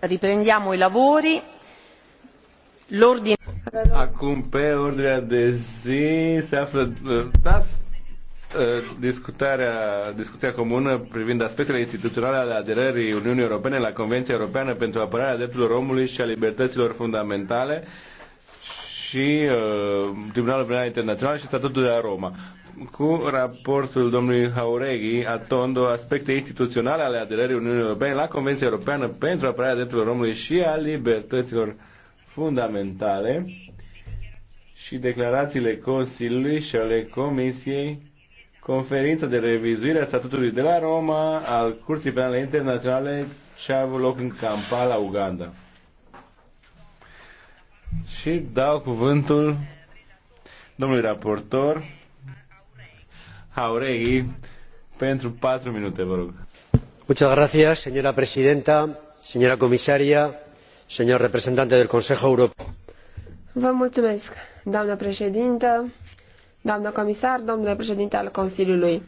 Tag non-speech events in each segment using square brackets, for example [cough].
Riprendiamo i lavori. L'ordine... Acum pe ordinea de zi se află uh, da, uh, discutarea, discuția comună privind aspectele instituționale ale aderării Uniunii Europene la Convenția Europeană pentru apărarea drepturilor omului și a libertăților fundamentale și uh, Tribunalul Penal Internațional și Statutul de la Roma cu raportul domnului Haureghi atondo aspecte instituționale ale aderării Uniunii Europene la Convenția Europeană pentru apărarea drepturilor omului și a libertăților fundamentale și declarațiile Consiliului și ale Comisiei conferința de revizuire a statutului de la Roma al Curții Penale Internaționale ce a avut loc în Kampala, Uganda. Și dau cuvântul domnului raportor, Haureghi pentru patru minute, vă rog. Muchas gracias, señora presidenta, señora comisaria, señor representante del Consejo Europeo. Vă mulțumesc, doamnă președintă, doamnă comisar, domnule președinte al Consiliului.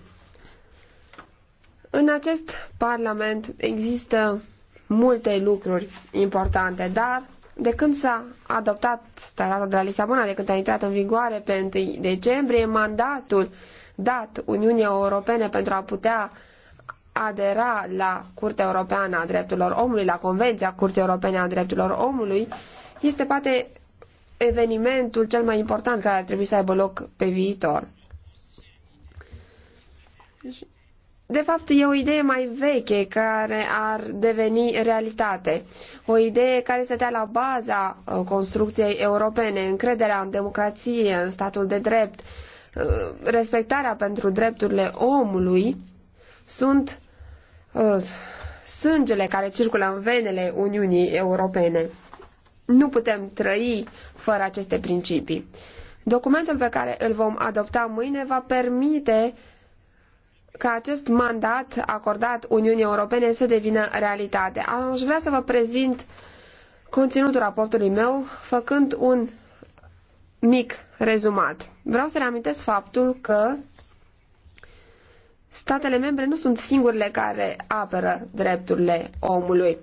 În acest Parlament există multe lucruri importante, dar de când s-a adoptat tratatul de la Lisabona, de când a intrat în vigoare pe 1 decembrie, mandatul dat Uniunii Europene pentru a putea adera la Curtea Europeană a Drepturilor Omului, la Convenția Curții Europene a Drepturilor Omului, este poate evenimentul cel mai important care ar trebui să aibă loc pe viitor. De fapt, e o idee mai veche care ar deveni realitate. O idee care stătea la baza uh, construcției europene, încrederea în democrație, în statul de drept, Uh, respectarea pentru drepturile omului sunt uh, sângele care circulă în venele Uniunii Europene. Nu putem trăi fără aceste principii. Documentul pe care îl vom adopta mâine va permite ca acest mandat acordat Uniunii Europene să devină realitate. Aș vrea să vă prezint conținutul raportului meu, făcând un mic rezumat. Vreau să reamintesc faptul că statele membre nu sunt singurele care apără drepturile omului.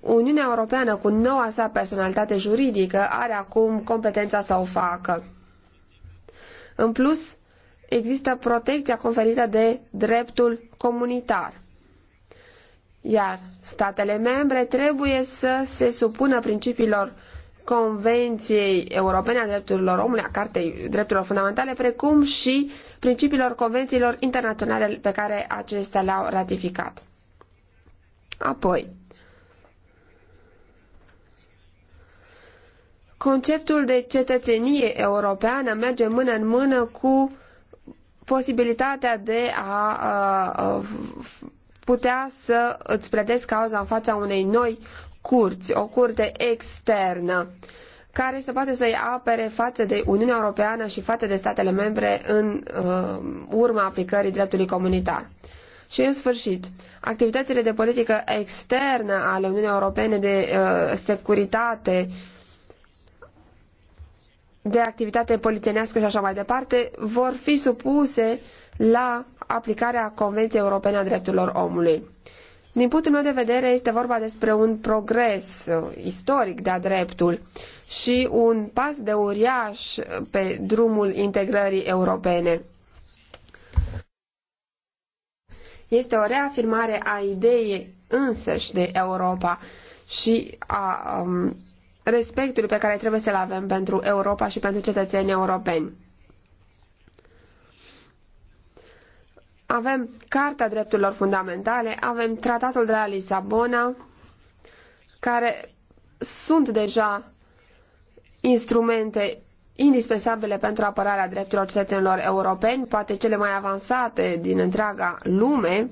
Uniunea Europeană, cu noua sa personalitate juridică, are acum competența să o facă. În plus, există protecția conferită de dreptul comunitar. Iar statele membre trebuie să se supună principiilor Convenției Europene a Drepturilor Omului, a Cartei Drepturilor Fundamentale, precum și principiilor convențiilor internaționale pe care acestea le-au ratificat. Apoi, conceptul de cetățenie europeană merge mână în mână cu posibilitatea de a, a, a putea să îți pledezi cauza în fața unei noi curți, o curte externă care se poate să-i apere față de Uniunea Europeană și față de statele membre în uh, urma aplicării dreptului comunitar. Și în sfârșit, activitățile de politică externă ale Uniunii Europene de uh, securitate, de activitate polițienească și așa mai departe, vor fi supuse la aplicarea Convenției Europene a Drepturilor Omului. Din punctul meu de vedere, este vorba despre un progres uh, istoric de-a dreptul și un pas de uriaș uh, pe drumul integrării europene. Este o reafirmare a ideii însăși de Europa și a um, respectului pe care trebuie să-l avem pentru Europa și pentru cetățenii europeni. Avem Carta Drepturilor Fundamentale, avem Tratatul de la Lisabona, care sunt deja instrumente indispensabile pentru apărarea drepturilor cetățenilor europeni, poate cele mai avansate din întreaga lume,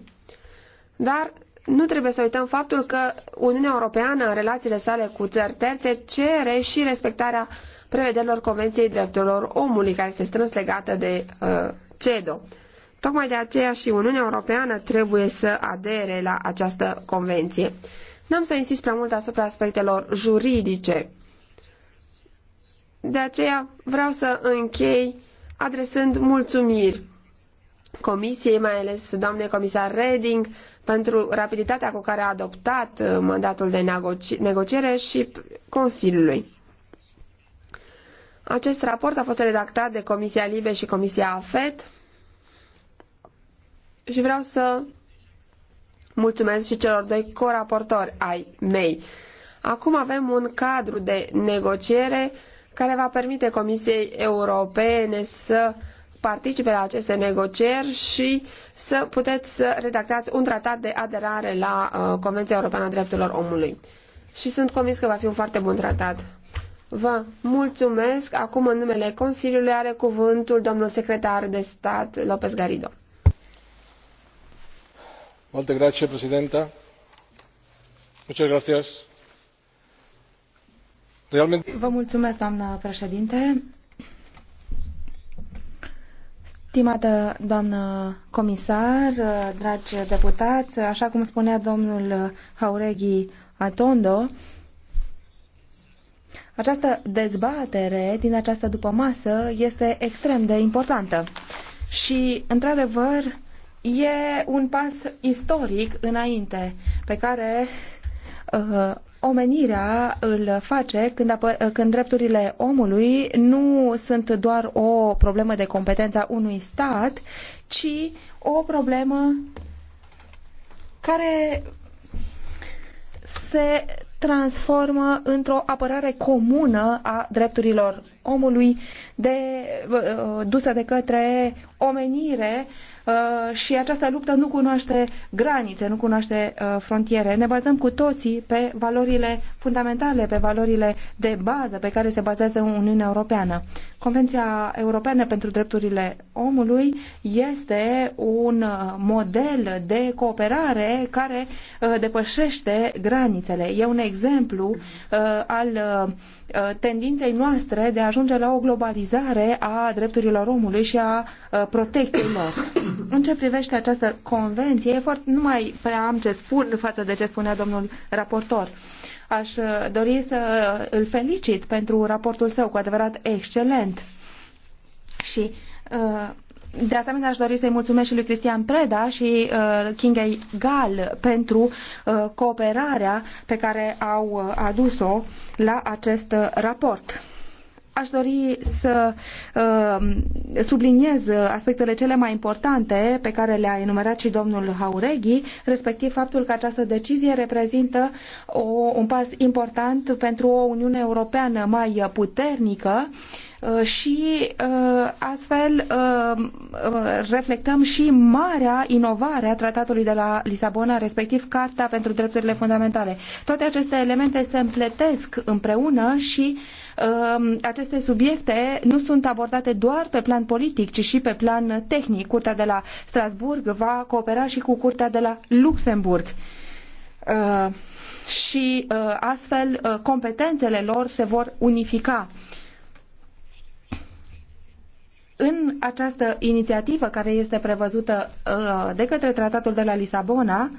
dar nu trebuie să uităm faptul că Uniunea Europeană, în relațiile sale cu țări terțe, cere și respectarea prevederilor Convenției Drepturilor Omului, care este strâns legată de uh, CEDO. Tocmai de aceea și Uniunea Europeană trebuie să adere la această convenție. N-am să insist prea mult asupra aspectelor juridice. De aceea vreau să închei adresând mulțumiri Comisiei, mai ales doamnei comisar Reding, pentru rapiditatea cu care a adoptat uh, mandatul de negociere și Consiliului. Acest raport a fost redactat de Comisia Libe și Comisia AFET și vreau să mulțumesc și celor doi coraportori ai mei. Acum avem un cadru de negociere care va permite Comisiei Europene să participe la aceste negocieri și să puteți să redactați un tratat de aderare la uh, Convenția Europeană a Drepturilor Omului. Și sunt convins că va fi un foarte bun tratat. Vă mulțumesc. Acum, în numele Consiliului, are cuvântul domnul secretar de stat López Garrido señora presidenta stimată doamnă comisar dragi deputați așa cum spunea domnul jáuregui atondo această dezbatere din această dupămasă este extrem de importantă și într adevăr E un pas istoric înainte pe care uh, omenirea îl face când, uh, când drepturile omului nu sunt doar o problemă de a unui stat, ci o problemă care se transformă într-o apărare comună a drepturilor omului de, uh, dusă de către omenire uh, și această luptă nu cunoaște granițe, nu cunoaște uh, frontiere. Ne bazăm cu toții pe valorile fundamentale, pe valorile de bază pe care se bazează Uniunea Europeană. Convenția Europeană pentru Drepturile Omului este un uh, model de cooperare care depășește granițele. E un exemplu al tendinței noastre de a ajunge la o globalizare a drepturilor omului și a protecției lor. În ce privește această convenție, e foarte, nu mai prea am ce spun față de ce spunea domnul raportor. Aș uh, dori să îl felicit pentru raportul său, cu adevărat excelent. Și uh, de asemenea, aș dori să-i mulțumesc și lui Cristian Preda și Kingei uh, Gal pentru cooperarea pe care au adus-o la acest raport. Aș dori să uh, subliniez aspectele cele mai importante pe care le-a enumerat și domnul Haureghi, respectiv faptul că această decizie reprezintă o, un pas important pentru o Uniune Europeană mai puternică uh, Uh, și uh, astfel uh, reflectăm și marea inovare a tratatului de la Lisabona, respectiv Carta pentru Drepturile Fundamentale. Toate aceste elemente se împletesc împreună și aceste subiecte nu sunt abordate doar pe plan politic, ci și pe plan tehnic. Curtea de la Strasburg va coopera și cu Curtea de la Luxemburg și astfel competențele lor se vor unifica. Uh, în această inițiativă care este prevăzută uh, de către Tratatul de la Lisabona,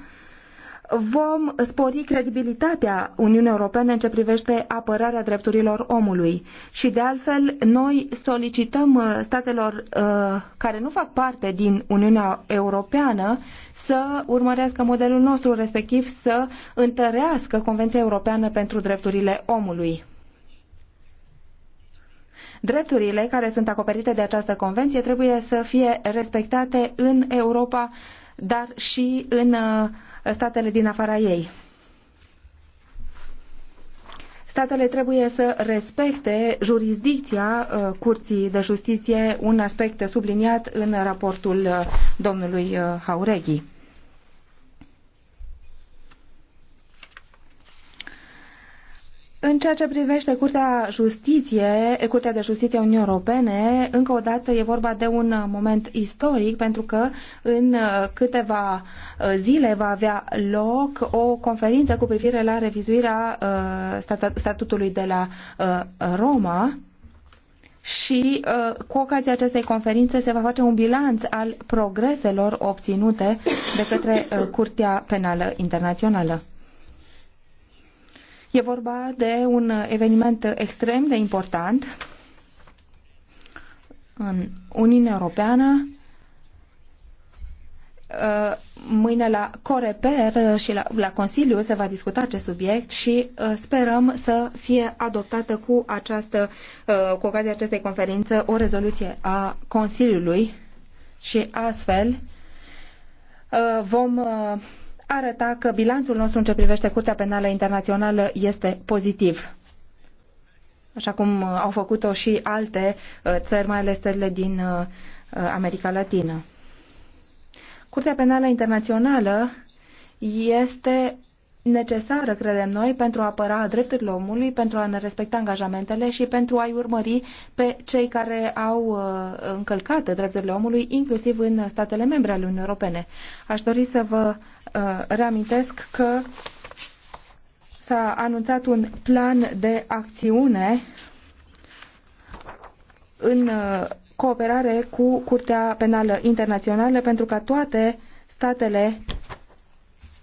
vom spori credibilitatea Uniunii Europene în ce privește apărarea drepturilor omului. Și de altfel, noi solicităm uh, statelor uh, care nu fac parte din Uniunea Europeană să urmărească modelul nostru, respectiv să întărească Convenția Europeană pentru Drepturile Omului. Drepturile care sunt acoperite de această convenție trebuie să fie respectate în Europa, dar și în uh, statele din afara ei statele trebuie să respecte jurisdicția uh, Curții de Justiție, un aspect subliniat în raportul uh, domnului Haureghi. În ceea ce privește Curtea, Justiție, Curtea de Justiție a Uniunii Europene, încă o dată e vorba de un moment istoric pentru că în câteva uh, zile va avea loc o conferință cu privire la revizuirea uh, statutului de la uh, Roma și cu ocazia acestei conferințe se va face un bilanț al progreselor obținute de către Curtea Penală Internațională. E vorba de un eveniment extrem de important în Uniunea Europeană. Uh, mâine la Coreper și la, la Consiliu se va discuta acest subiect și uh, sperăm să fie adoptată cu, această, uh, cu ocazia acestei conferințe o rezoluție a Consiliului și astfel vom arăta că bilanțul nostru în ce privește Curtea Penală Internațională este pozitiv așa cum uh, au făcut-o și alte uh, țări, mai ales țările din uh, America Latină. Curtea Penală Internațională este necesară, credem noi, pentru a apăra drepturile omului, pentru a ne respecta angajamentele și pentru a-i urmări pe cei care au încălcat drepturile omului, inclusiv în statele membre ale Uniunii Europene. Aș dori să vă Uh, reamintesc că s-a anunțat un plan de acțiune în uh, cooperare cu Curtea Penală Internațională pentru ca toate statele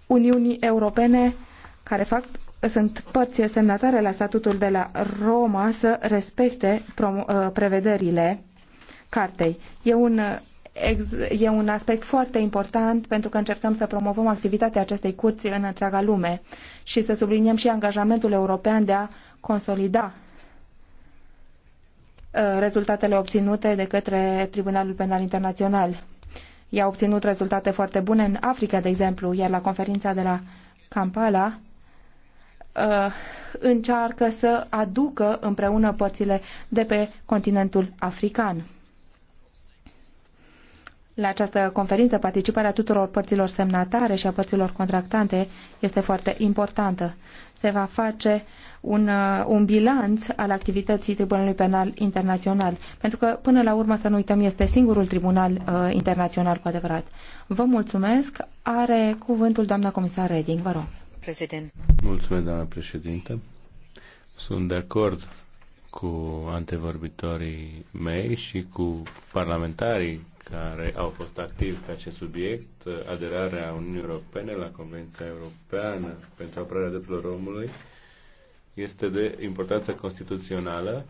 Uniunii Europene care fac sunt părți semnatare la statutul de la Roma să respecte uh, prevederile cartei. E un e un aspect foarte important pentru că încercăm să promovăm activitatea acestei curți în întreaga lume și să subliniem și angajamentul european de a consolida uh, rezultatele obținute de către Tribunalul Penal Internațional. I-a obținut rezultate foarte bune în Africa, de exemplu, iar la conferința de la Kampala uh, încearcă să aducă împreună părțile de pe continentul african. La această conferință, participarea tuturor părților semnatare și a părților contractante este foarte importantă. Se va face un, uh, un bilanț al activității Tribunalului Penal Internațional, pentru că, până la urmă, să nu uităm, este singurul tribunal uh, internațional cu adevărat. Vă mulțumesc. Are cuvântul doamna comisar Reding. Vă rog. President. Mulțumesc, doamna președintă. Sunt de acord cu antevorbitorii mei și cu parlamentarii care au fost activi pe acest subiect, aderarea Uniunii Europene la Convenția Europeană pentru apărarea drepturilor omului este de importanță constituțională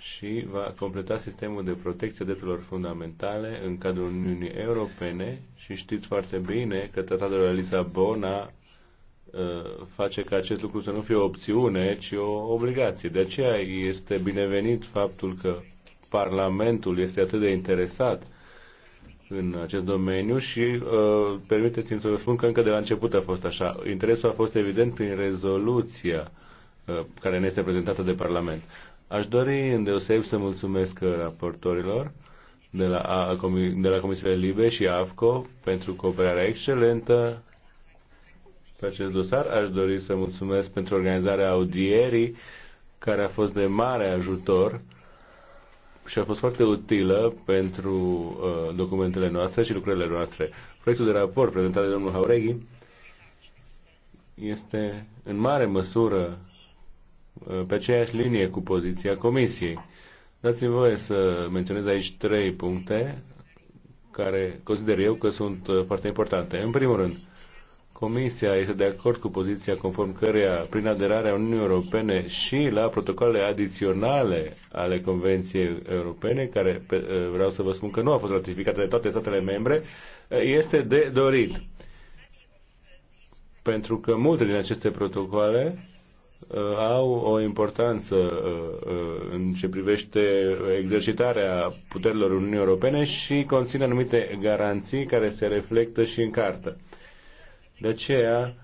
și va completa sistemul de protecție drepturilor fundamentale în cadrul Uniunii Europene și știți foarte bine că tratatul de Lisabona uh, face ca acest lucru să nu fie o opțiune, ci o obligație. De aceea este binevenit faptul că Parlamentul este atât de interesat în acest domeniu și uh, permiteți-mi să vă spun că încă de la început a fost așa. Interesul a fost evident prin rezoluția uh, care ne este prezentată de Parlament. Aș dori îndeoseb să mulțumesc raportorilor de la, de la Comisiile Libe și AFCO pentru cooperarea excelentă pe acest dosar. Aș dori să mulțumesc pentru organizarea audierii care a fost de mare ajutor și a fost foarte utilă pentru uh, documentele noastre și lucrările noastre. Proiectul de raport prezentat de domnul Haureghi este în mare măsură uh, pe aceeași linie cu poziția Comisiei. Dați-mi voie să menționez aici trei puncte care consider eu că sunt uh, foarte importante. În primul rând, uh, Comisia este de acord cu poziția conform căreia, prin aderarea Uniunii Europene și la protocoalele adiționale ale Convenției Europene, care eh, vreau să vă spun că nu a fost ratificată de toate statele membre, eh, este de dorit. Pentru că multe din aceste protocoale eh, au o importanță în ce privește exercitarea puterilor Uniunii Europene și conțin anumite garanții care se reflectă și în cartă. De aceea,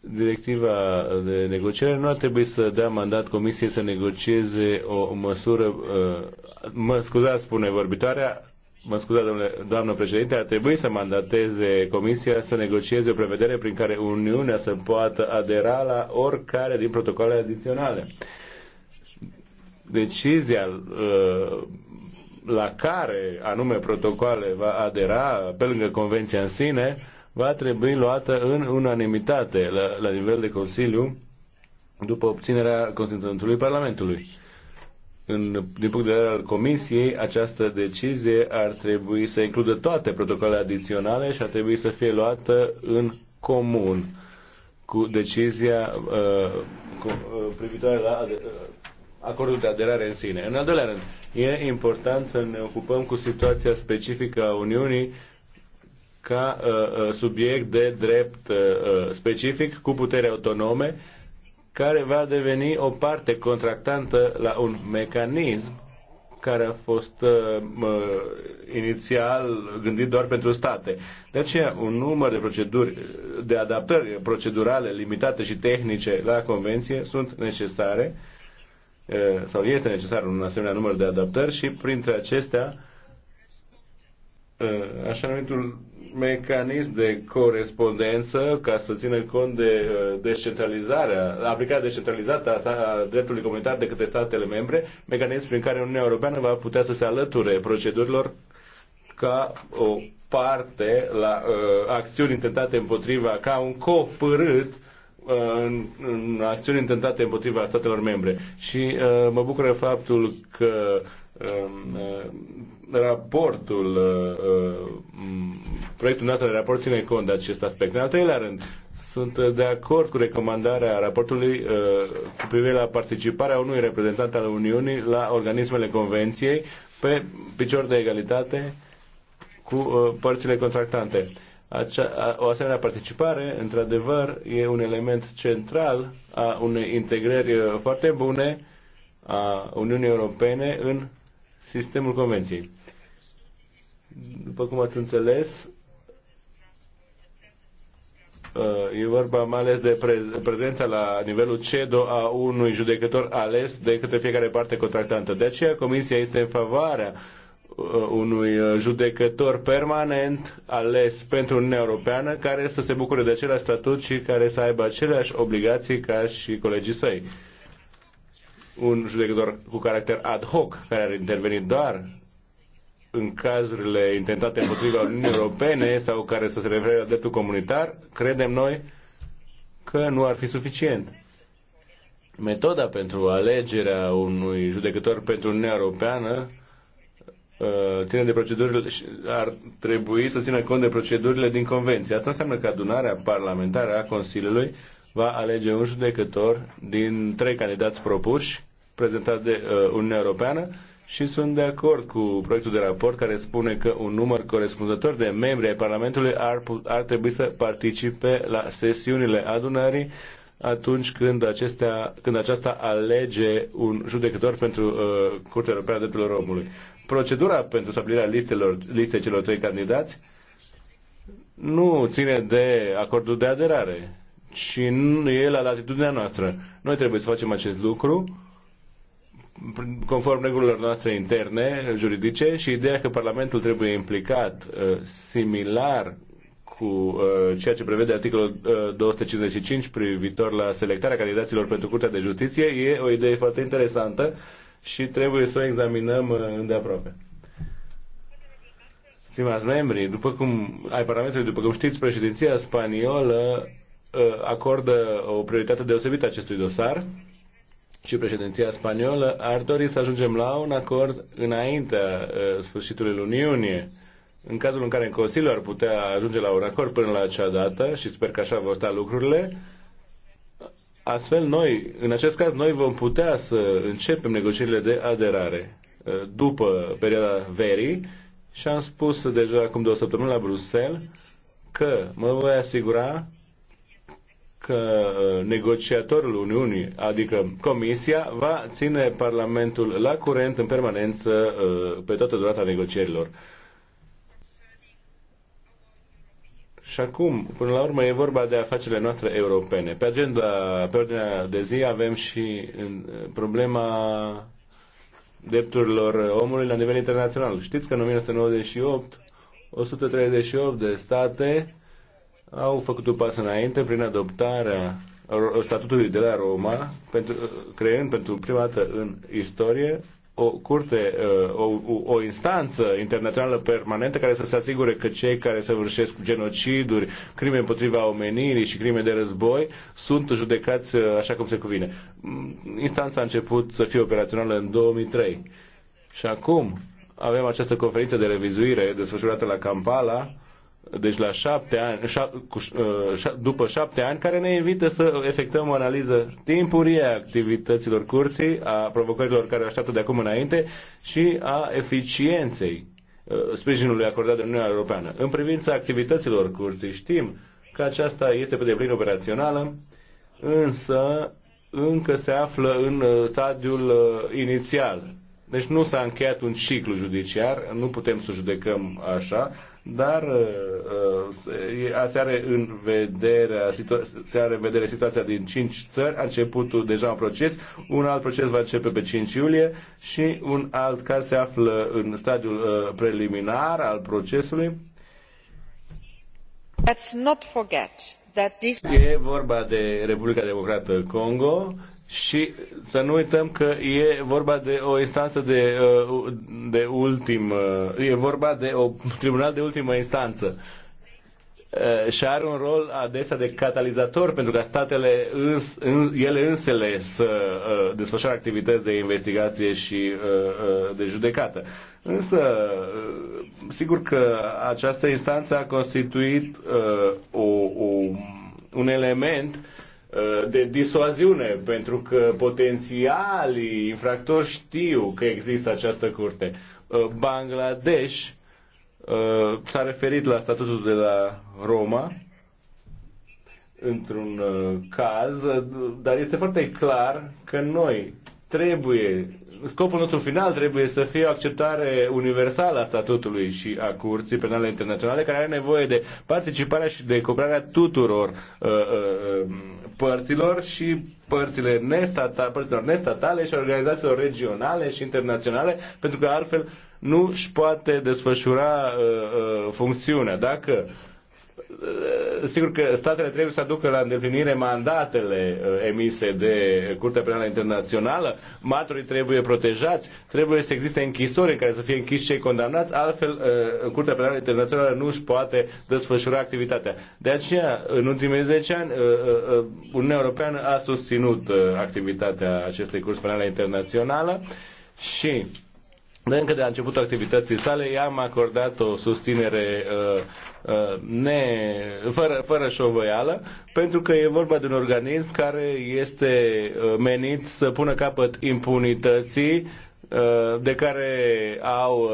directiva de negociere nu ar trebui să dea mandat Comisiei să negocieze o măsură, uh, mă scuzați, spune vorbitoarea, mă scuzați, domnule, doamnă președinte, ar trebui să mandateze Comisia să negocieze o prevedere prin care Uniunea să poată adera la oricare din protocoalele adiționale. Decizia uh, la care anume protocoale va adera, pe lângă Convenția în sine, va trebui luată în unanimitate la, la nivel de Consiliu după obținerea consentământului Parlamentului. În, din punct de vedere al Comisiei, această decizie ar trebui să includă toate protocolele adiționale și ar trebui să fie luată în comun cu decizia uh, cu, uh, privitoare la uh, acordul de aderare în sine. În al doilea rând, e important să ne ocupăm cu situația specifică a Uniunii ca uh, uh, subiect de drept uh, uh, specific cu putere autonome care va deveni o parte contractantă la un mecanism care a fost uh, uh, inițial gândit doar pentru state. De aceea, un număr de proceduri, de adaptări procedurale limitate și tehnice la convenție sunt necesare sau este necesar un asemenea număr de adaptări și printre acestea așa numitul mecanism de corespondență ca să țină cont de uh, descentralizarea, aplicarea decentralizată a dreptului comunitar de către statele membre, mecanism prin care Uniunea Europeană va putea să se alăture procedurilor ca o parte la uh, acțiuni intentate împotriva, ca un copârât uh, în, în acțiuni intentate împotriva statelor membre. Și uh, mă bucură faptul că um, uh, raportul, uh, uh, proiectul nostru de raport ține cont de acest aspect. În al treilea rând, sunt uh, de acord cu recomandarea raportului cu privire la participarea unui reprezentant al Uniunii la organismele convenției pe picior de egalitate cu părțile contractante. Acea, o asemenea participare, într-adevăr, e un element central a unei integrări foarte bune a Uniunii Europene în sistemul convenției. După cum ați înțeles, uh, e vorba mai ales de prezența la nivelul CEDO a unui judecător ales de către fiecare parte contractantă. De aceea Comisia este în favoarea uh, unui uh, judecător permanent ales pentru Uniunea Europeană care să se bucure de același statut și care să aibă aceleași obligații ca și colegii săi. Un judecător cu caracter ad hoc care ar interveni doar în cazurile intentate împotriva Uniunii Europene sau care să se referă la dreptul comunitar, credem noi că nu ar fi suficient. Metoda pentru alegerea unui judecător pentru Uniunea Europeană uh, ține de procedurile, ar trebui să țină cont de procedurile din convenție. Asta înseamnă că adunarea parlamentară a Consiliului va alege un judecător din trei candidați propuși, prezentat de uh, Uniunea Europeană, și sunt de acord cu proiectul de raport care spune că un număr corespunzător de membri ai Parlamentului ar, ar trebui să participe la sesiunile adunării atunci când, acestea, când aceasta alege un judecător pentru uh, Curtea Europeană a Drepturilor Omului. Procedura pentru stabilirea listelor, listei celor trei candidați nu ține de acordul de aderare, ci nu e la latitudinea noastră. Noi trebuie să facem acest lucru conform regulilor noastre interne, juridice, și ideea că Parlamentul trebuie implicat uh, similar cu uh, ceea ce prevede articolul uh, 255 privitor la selectarea candidaților pentru Curtea de Justiție e o idee foarte interesantă și trebuie să o examinăm uh, îndeaproape. Stimați membri, după cum ai parametrii, după cum știți, președinția spaniolă uh, acordă o prioritate deosebită acestui dosar și președinția spaniolă ar dori să ajungem la un acord înaintea uh, sfârșitului lunii iunie. În cazul în care Consiliu ar putea ajunge la un acord până la acea dată, și sper că așa vor sta lucrurile, astfel noi, în acest caz, noi vom putea să începem negocierile de aderare uh, după perioada verii și am spus deja acum două săptămâni la Bruxelles că mă voi asigura că uh, negociatorul Uniunii, adică Comisia, va ține Parlamentul la curent în permanență uh, pe toată durata negocierilor. Și acum, până la urmă, e vorba de afacerile noastre europene. Pe agenda, pe ordinea de zi, avem și uh, problema drepturilor omului la nivel internațional. Știți că în 1998, 138 de state au făcut un pas înainte prin adoptarea statutului de la Roma, pentru, creând pentru prima dată în istorie o curte, uh, o, o instanță internațională permanentă care să se asigure că cei care săvârșesc genociduri, crime împotriva omenirii și crime de război sunt judecați uh, așa cum se cuvine. Mm, instanța a început să fie operațională în 2003 și acum avem această conferință de revizuire desfășurată la Kampala deci la șapte ani, șa, cu, uh, șap, după șapte ani, care ne invită să efectuăm o analiză timpurie a activităților curții, a provocărilor care așteaptă de acum înainte și a eficienței uh, sprijinului acordat de Uniunea Europeană. În privința activităților curții știm că aceasta este pe deplin operațională, însă încă se află în uh, stadiul inițial. Deci nu s-a încheiat un ciclu judiciar, nu putem să judecăm așa, dar uh, uh, se are în vedere, se are în vedere situația din 5 țări, a început deja un proces, un alt proces va începe pe 5 iulie și un alt caz se află în stadiul uh, preliminar al procesului. Let's not forget that this... E vorba de Republica Democrată Congo, și să nu uităm că e vorba de o instanță de, uh, de ultim, uh, e vorba de o tribunal de ultimă instanță uh, și are un rol adesea de catalizator pentru ca statele îns, îns, ele însele să desfășoare activități de investigație și de judecată. Însă, sigur că această instanță a constituit o, o, un element uh, Uh, de disoaziune, pentru că potențialii infractori știu că există această curte. Uh, Bangladesh uh, s-a referit la statutul de la Roma într-un caz, dar este foarte clar că noi trebuie, scopul nostru final trebuie să fie o acceptare universală a statutului și a Curții Penale Internaționale, care are nevoie de participarea și de cooperarea tuturor uh, uh, părților și părțile nestata, părților nestatale și organizațiilor regionale și internaționale, pentru că altfel nu își poate desfășura uh, uh, funcțiunea. Dacă uh, Eh, sigur că statele trebuie să aducă la îndeplinire mandatele eh, emise de Curtea Penală Internațională, martorii trebuie protejați, trebuie să existe închisori în care să fie închiși cei condamnați, altfel eh, Curtea Penală Internațională nu își poate desfășura activitatea. De aceea, în ultimii 10 ani, Uniunea Europeană a susținut activitatea acestei Curte Penale Internațională și de încă de la începutul activității sale i-am acordat o susținere uh, Uh, ne, fără, fără șovăială, pentru că e vorba de un organism care este uh, menit să pună capăt impunității uh, de care au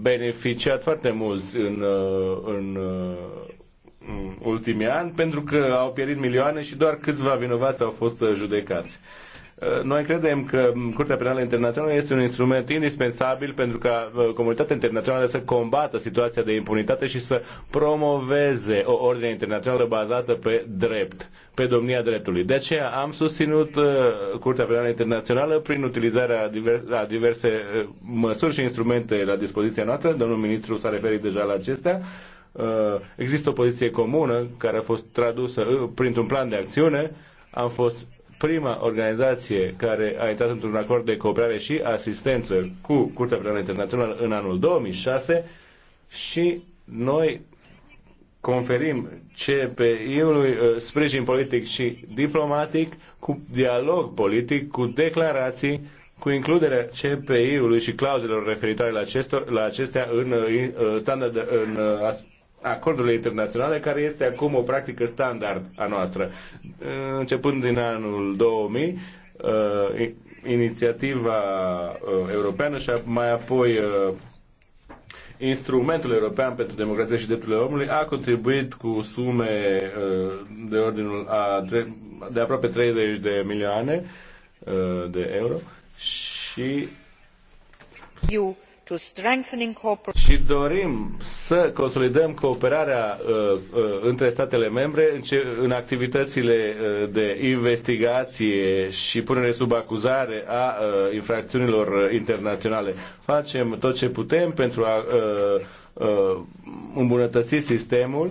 beneficiat foarte mulți în, în ultimii ani, pentru că au pierit milioane și doar câțiva vinovați au fost judecați. Uh, noi credem că Curtea Penală Internațională este un instrument indispensabil pentru ca uh, comunitatea internațională să combată situația de impunitate și să promoveze o ordine internațională bazată pe drept, pe domnia dreptului. De aceea am susținut uh, Curtea Penală Internațională prin utilizarea a diverse măsuri și instrumente la dispoziția noastră. Domnul ministru s-a referit deja la acestea există o poziție comună care a fost tradusă printr-un plan de acțiune. Am fost prima organizație care a intrat într-un acord de cooperare și asistență cu Curtea Penală Internațională în anul 2006 și noi conferim CPI-ului uh, sprijin politic și diplomatic cu dialog politic, cu declarații, cu includerea CPI-ului și clauzelor referitoare la, acestor, la acestea în, uh, uh, în, în, în acordurile internaționale, care este acum o practică standard a noastră. Uh, începând din anul 2000, uh, inițiativa uh, europeană și mai apoi instrumentul european pentru democrație și drepturile omului a contribuit cu sume de ordinul a, de aproape 30 de milioane de euro și to strengthening cooperation. Și dorim să consolidăm cooperarea uh, uh, între statele membre în, ce, în activitățile uh, de investigație și punere sub acuzare a uh, infracțiunilor uh, internaționale. Facem tot ce putem pentru a uh, uh, îmbunătăți sistemul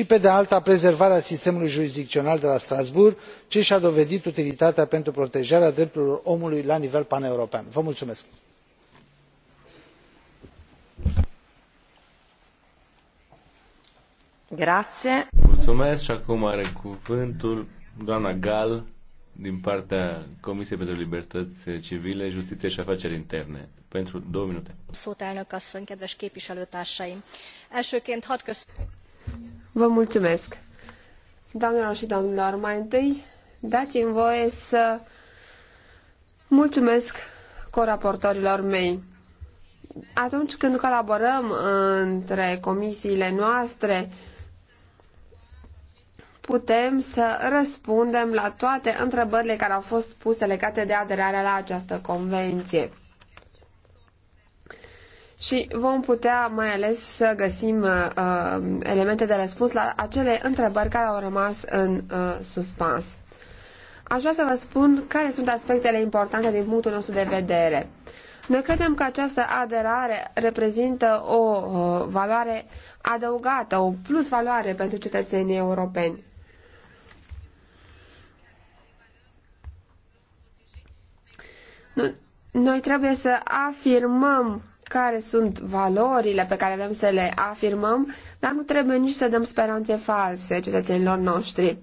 i pe de alta prezervarea sistemului jurisdicional de la strasbourg ce i a dovedit utilitatea pentru protejarea drepturilor omului la nivel paneuropean. Mulțumesc acum are cuvântul din partea Comisiei pentru Libertăți Justiție și Afaceri Interne. Pentru două minute. Vă mulțumesc. Doamnelor și domnilor, mai întâi dați-mi voie să mulțumesc coraportorilor mei. Atunci când colaborăm între comisiile noastre, putem să răspundem la toate întrebările care au fost puse legate de aderarea la această convenție și vom putea mai ales să găsim uh, uh, elemente de răspuns la acele întrebări care au rămas în uh, suspans. Aș vrea să vă spun care sunt aspectele importante din punctul nostru de vedere. Noi credem că această aderare reprezintă o uh, valoare adăugată, o plus valoare pentru cetățenii europeni. Noi trebuie să afirmăm care sunt valorile pe care vrem să le afirmăm, dar nu trebuie nici să dăm speranțe false cetățenilor noștri.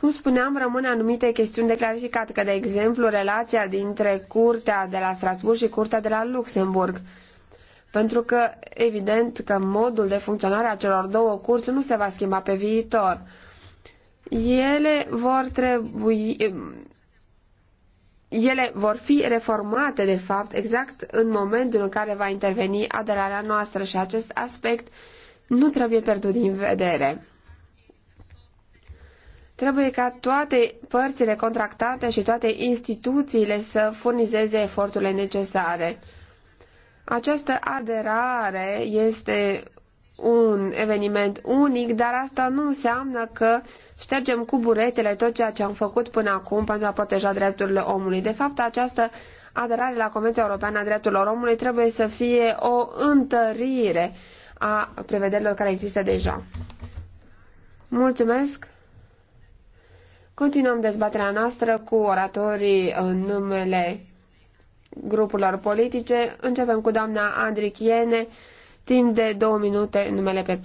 Cum spuneam, rămân anumite chestiuni de clarificat, că de exemplu relația dintre Curtea de la Strasburg și Curtea de la Luxemburg. Pentru că, evident, că modul de funcționare a celor două curți nu se va schimba pe viitor. Ele vor trebui, ele vor fi reformate, de fapt, exact în momentul în care va interveni aderarea noastră și acest aspect nu trebuie pierdut din vedere. Trebuie ca toate părțile contractate și toate instituțiile să furnizeze eforturile necesare. Această aderare este un eveniment unic, dar asta nu înseamnă că ștergem cu buretele tot ceea ce am făcut până acum pentru a proteja drepturile omului. De fapt, această aderare la Convenția Europeană a Drepturilor Omului trebuie să fie o întărire a prevederilor care există deja. Mulțumesc! Continuăm dezbaterea noastră cu oratorii în numele grupurilor politice. Începem cu doamna Andrichiene, timp de două minute numele PP.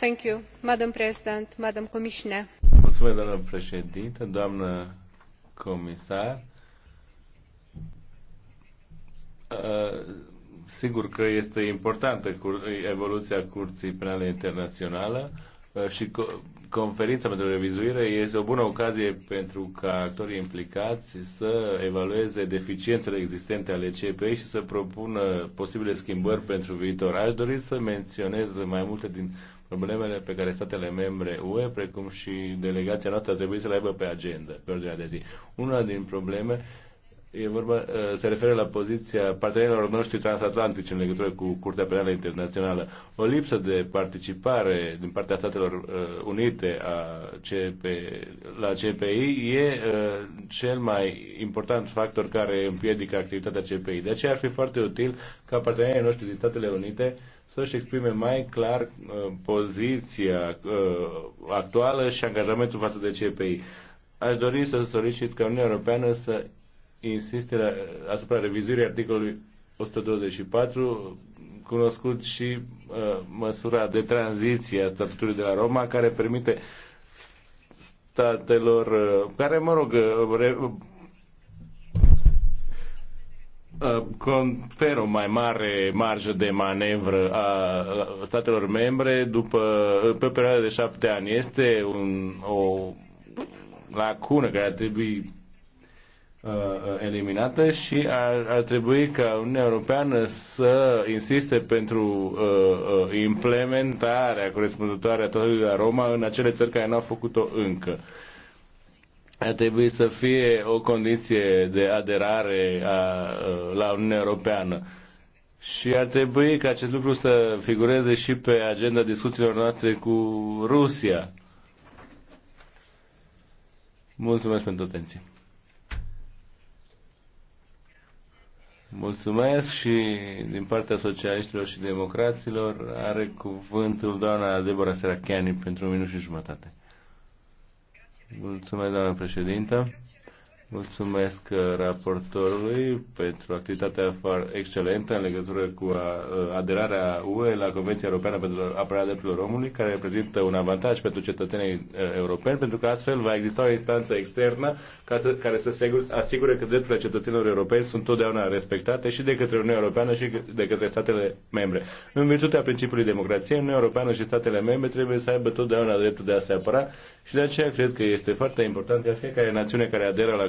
Thank you, Madam President, Madam Commissioner. Mulțumesc, doamnă președinte, doamnă comisar. Uh, sigur că este importantă evoluția Curții Penale Internațională uh, și conferința pentru revizuire este o bună ocazie pentru ca actorii implicați să evalueze deficiențele existente ale CPI și să propună posibile schimbări pentru viitor. Aș dori să menționez mai multe din problemele pe care statele membre UE, precum și delegația noastră, trebuie să le aibă pe agenda, pe ordinea de zi. Una din probleme E vorba, ă, se referă la poziția partenerilor noștri transatlantici în legătură cu Curtea Penală Internațională. O lipsă de participare din partea Statelor ă, Unite a CP, la CPI e ă, cel mai important factor care împiedică activitatea CPI. De aceea ar fi foarte util ca partenerii noștri din Statele Unite să-și exprime mai clar poziția actuală și angajamentul față de CPI. Aș dori să solicit ca Uniunea Europeană să insiste la, asupra revizuirii articolului 124, cunoscut și uh, măsura de tranziție a statutului de la Roma, care permite statelor uh, care, mă rog, uh, re, uh, conferă o mai mare marjă de manevră a statelor membre după, pe o perioadă de șapte ani. Este un, o lacună care ar trebui Uh, eliminată și ar, ar trebui ca Uniunea Europeană să insiste pentru uh, uh, implementarea corespunzătoare a tratatului de la Roma în acele țări care nu au făcut-o încă. Ar trebui să fie o condiție de aderare a, uh, la Uniunea Europeană. Și ar trebui ca acest lucru să figureze și pe agenda discuțiilor noastre cu Rusia. Mulțumesc pentru atenție. Mulțumesc și din partea socialiștilor și democraților are cuvântul doamna Deborah Serachiani pentru un minut și jumătate. Mulțumesc, doamna președintă. Mulțumesc uh, raportorului pentru activitatea excelentă în legătură cu uh, aderarea UE la Convenția Europeană pentru apărarea drepturilor omului, care reprezintă un avantaj pentru cetățenii uh, europeni, pentru că astfel va exista o instanță externă ca să, care să se asigure că drepturile cetățenilor europeni sunt totdeauna respectate și de către Uniunea Europeană și de către statele membre. În virtutea principiului democrației, Uniunea Europeană și statele membre trebuie să aibă totdeauna dreptul de a se apăra și de aceea cred că este foarte important ca fiecare națiune care aderă la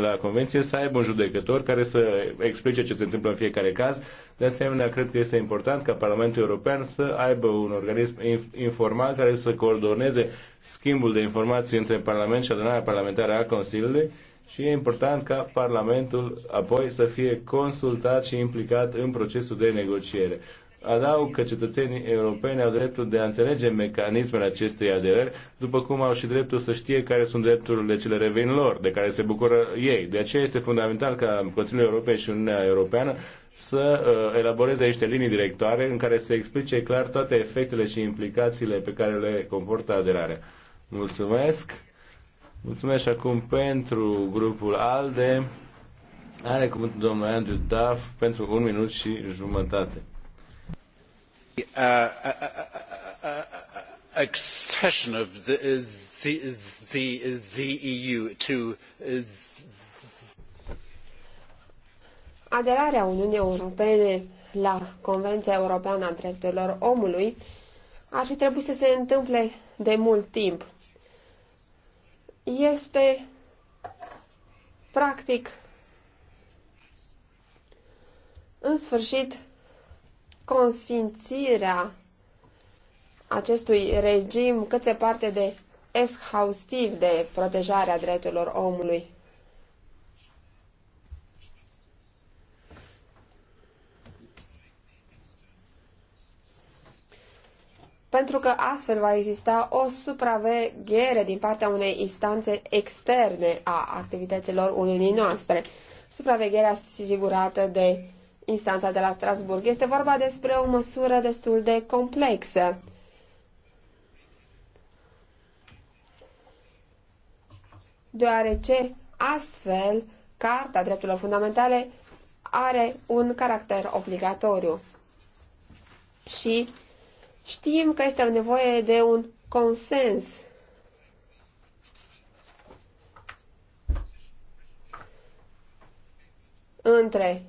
la convenție să aibă un judecător care să explice ce se întâmplă în fiecare caz. De asemenea, cred că este important ca Parlamentul European să aibă un organism informal care să coordoneze schimbul de informații între Parlament și adunarea parlamentară a Consiliului și e important ca Parlamentul apoi să fie consultat și implicat în procesul de negociere. Adaug că cetățenii europeni au dreptul de a înțelege mecanismele acestei aderări, după cum au și dreptul să știe care sunt drepturile cele revin lor, de care se bucură ei. De aceea este fundamental ca Consiliul European și Uniunea Europeană să uh, elaboreze niște linii directoare în care se explice clar toate efectele și implicațiile pe care le comportă aderarea. Mulțumesc! Mulțumesc și acum pentru grupul ALDE. Are cuvântul domnul Andrew Duff pentru un minut și jumătate. Uh, uh, uh, accession of the, EU to Aderarea Uniunii Europene la Convenția Europeană a Drepturilor Omului ar fi trebuit să se întâmple de mult timp. Este practic în sfârșit consfințirea acestui regim cât se parte de exhaustiv de protejarea drepturilor omului. Pentru că astfel va exista o supraveghere din partea unei instanțe externe a activităților Uniunii noastre, supravegherea asigurată de instanța de la Strasburg. Este vorba despre o măsură destul de complexă. Deoarece astfel Carta Drepturilor Fundamentale are un caracter obligatoriu. Și știm că este nevoie de un consens între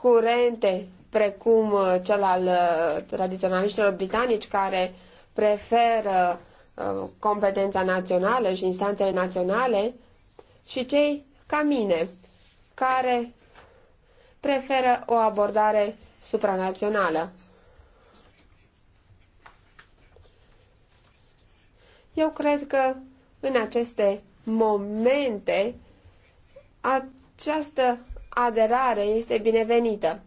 curente precum uh, cel al uh, tradiționaliștilor britanici care preferă uh, competența națională și instanțele naționale și cei ca mine care preferă o abordare supranațională. Eu cred că în aceste momente această aderare este binevenită.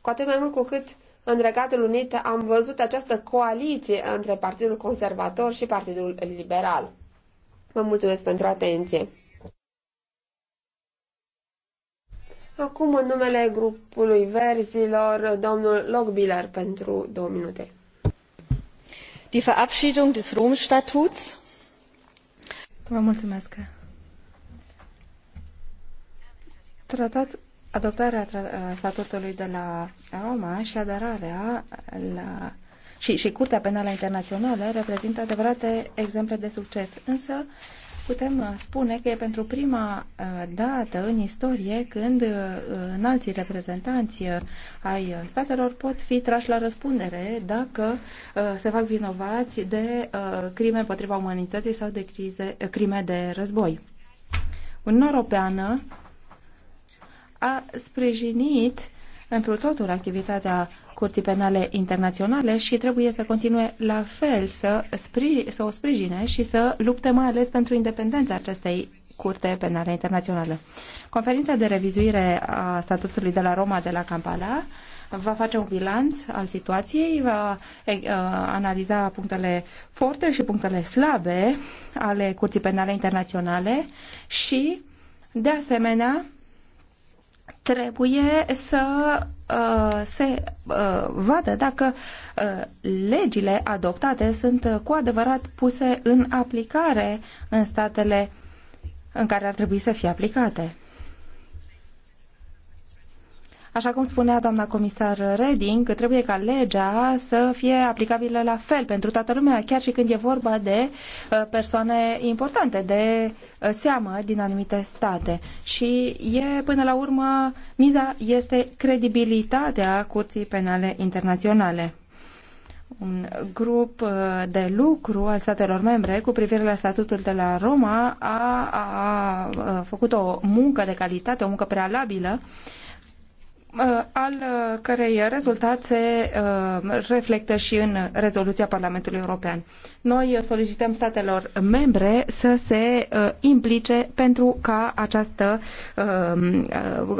Cu atât mai mult cu cât în Regatul Unit am văzut această coaliție între Partidul Conservator și Partidul Liberal. Vă mulțumesc pentru atenție. Acum, în numele grupului verzilor, domnul Logbiller pentru două minute. Die Verabschiedung des Rom-Statuts. Vă mulțumesc. Tratat, Adoptarea statutului de la Roma și aderarea la și, și Curtea Penală Internațională reprezintă adevărate exemple de succes, însă putem spune că e pentru prima dată în istorie când înalții reprezentanți ai statelor pot fi trași la răspundere dacă se fac vinovați de crime împotriva umanității sau de crize, crime de război. Uniunea Europeană a sprijinit întru totul activitatea Curții Penale Internaționale și trebuie să continue la fel să, spri, să o sprijine și să lupte mai ales pentru independența acestei Curte Penale internaționale. Conferința de revizuire a statutului de la Roma de la Kampala va face un bilanț al situației, va analiza punctele forte și punctele slabe ale Curții Penale Internaționale și, de asemenea, trebuie să uh, se uh, vadă dacă uh, legile adoptate sunt cu adevărat puse în aplicare în statele în care ar trebui să fie aplicate. Așa cum spunea doamna comisar Reding, trebuie ca legea să fie aplicabilă la fel pentru toată lumea, chiar și când e vorba de uh, persoane importante, de uh, seamă din anumite state. Și e, până la urmă, miza este credibilitatea Curții Penale Internaționale un grup uh, de lucru al statelor membre cu privire la statutul de la Roma a, a, a făcut o muncă de calitate, o muncă prealabilă uh, Uh, al cărei rezultat se uh, reflectă și în rezoluția Parlamentului European. Noi solicităm statelor membre să se uh, implice pentru ca această,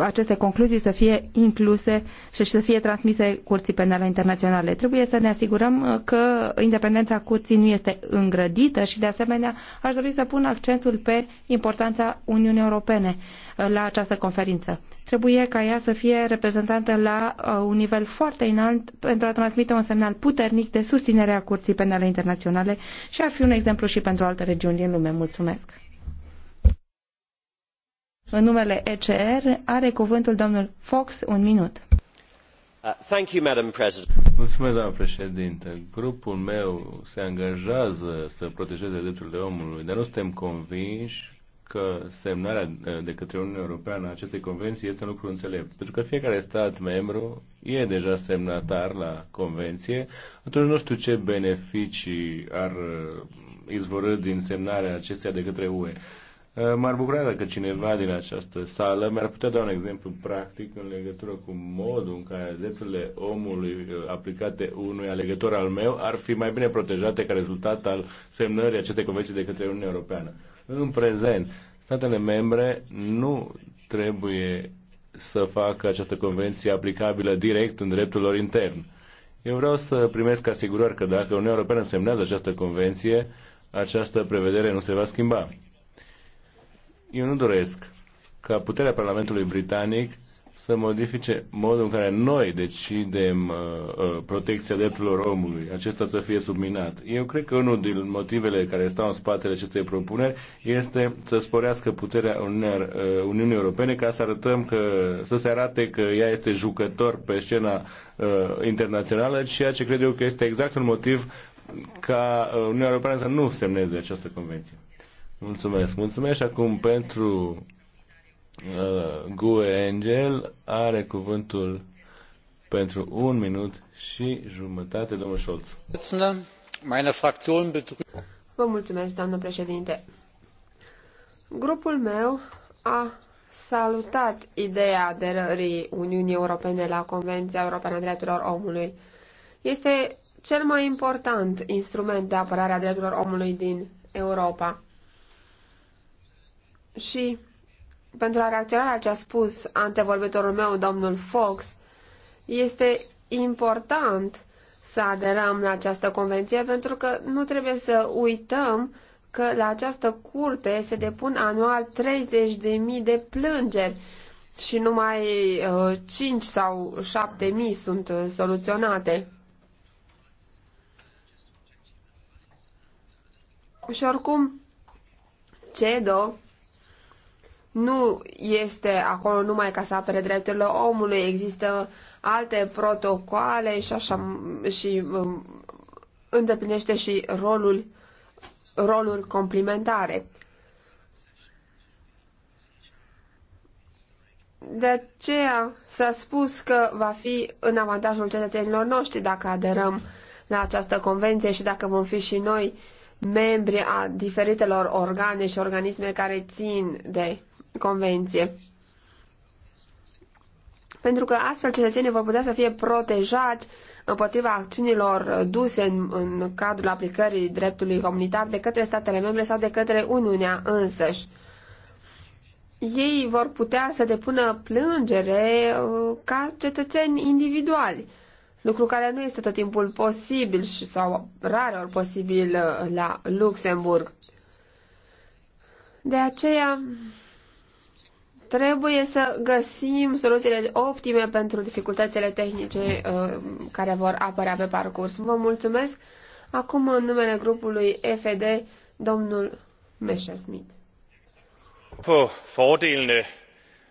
aceste concluzii să fie incluse și să fie transmise Curții Penale Internaționale. Trebuie să ne asigurăm că independența Curții nu este îngrădită și, de asemenea, aș dori să pun accentul pe importanța Uniunii Europene la această conferință. Trebuie ca ea să fie reprezentată la uh, un nivel foarte înalt pentru a transmite un semnal puternic de susținere a Curții Penale Internaționale și ar fi un exemplu și pentru alte regiuni din lume. Mulțumesc! În numele ECR are cuvântul domnul Fox un minut. Uh, thank you, Madam President. Mulțumesc, doamnă președinte. Grupul meu se angajează să protejeze drepturile omului, dar nu suntem convinși că semnarea uh, de către Uniunea Europeană a acestei convenții este un lucru înțelept. Pentru că fiecare stat membru e deja semnatar la convenție, atunci nu știu ce beneficii ar uh, izvorâ din semnarea acesteia de către UE. Uh, m-ar bucura dacă cineva din această sală mi-ar putea da un exemplu practic în legătură cu modul în care drepturile omului aplicate unui alegător al meu ar fi mai bine protejate ca rezultat al semnării acestei convenții de către Uniunea Europeană. În prezent, statele membre nu trebuie să facă această convenție aplicabilă direct în dreptul lor intern. Eu vreau să primesc asigurări că dacă Uniunea Europeană semnează această convenție, această prevedere nu se va schimba. Eu nu doresc ca puterea Parlamentului Britanic să modifice modul în care noi decidem uh, uh, protecția drepturilor omului, acesta să fie subminat. Eu cred că unul din motivele care stau în spatele acestei propuneri este să sporească puterea uh, Uniunii, Europene ca să arătăm că, să se arate că ea este jucător pe scena uh, internațională, ceea ce cred eu că este exact un motiv ca uh, Uniunea Europeană să nu semneze această convenție. Mulțumesc, mulțumesc și acum pentru Uh, Gue Angel are cuvântul pentru un minut și jumătate, domnul Scholz. Vă mulțumesc, doamnă președinte. Grupul meu a salutat ideea aderării Uniunii Europene la Convenția Europeană a Drepturilor Omului. Este cel mai important instrument de apărare a drepturilor omului din Europa. Și pentru a reacționa la ce a spus antevorbitorul meu, domnul Fox, este important să aderăm la această convenție pentru că nu trebuie să uităm că la această curte se depun anual 30.000 de plângeri și numai uh, 5 sau 7.000 sunt uh, soluționate. Și oricum, CEDO nu este acolo numai ca să apere drepturile omului, există alte protocoale și așa și um, îndeplinește și rolul roluri complementare. De aceea s-a spus că va fi în avantajul cetățenilor noștri dacă aderăm la această convenție și dacă vom fi și noi membri a diferitelor organe și organisme care țin de convenție. Pentru că astfel cetățenii vor putea să fie protejați împotriva acțiunilor duse în, în cadrul aplicării dreptului comunitar de către statele membre sau de către Uniunea însăși. Ei vor putea să depună plângere uh, ca cetățeni individuali, lucru care nu este tot timpul posibil și sau rareori posibil uh, la Luxemburg. De aceea, Trebuie să găsim soluțiile optime pentru dificultățile tehnice uh, care vor apărea pe parcurs. Vă mulțumesc. Acum, în numele grupului FD, domnul Messerschmidt. På fordelene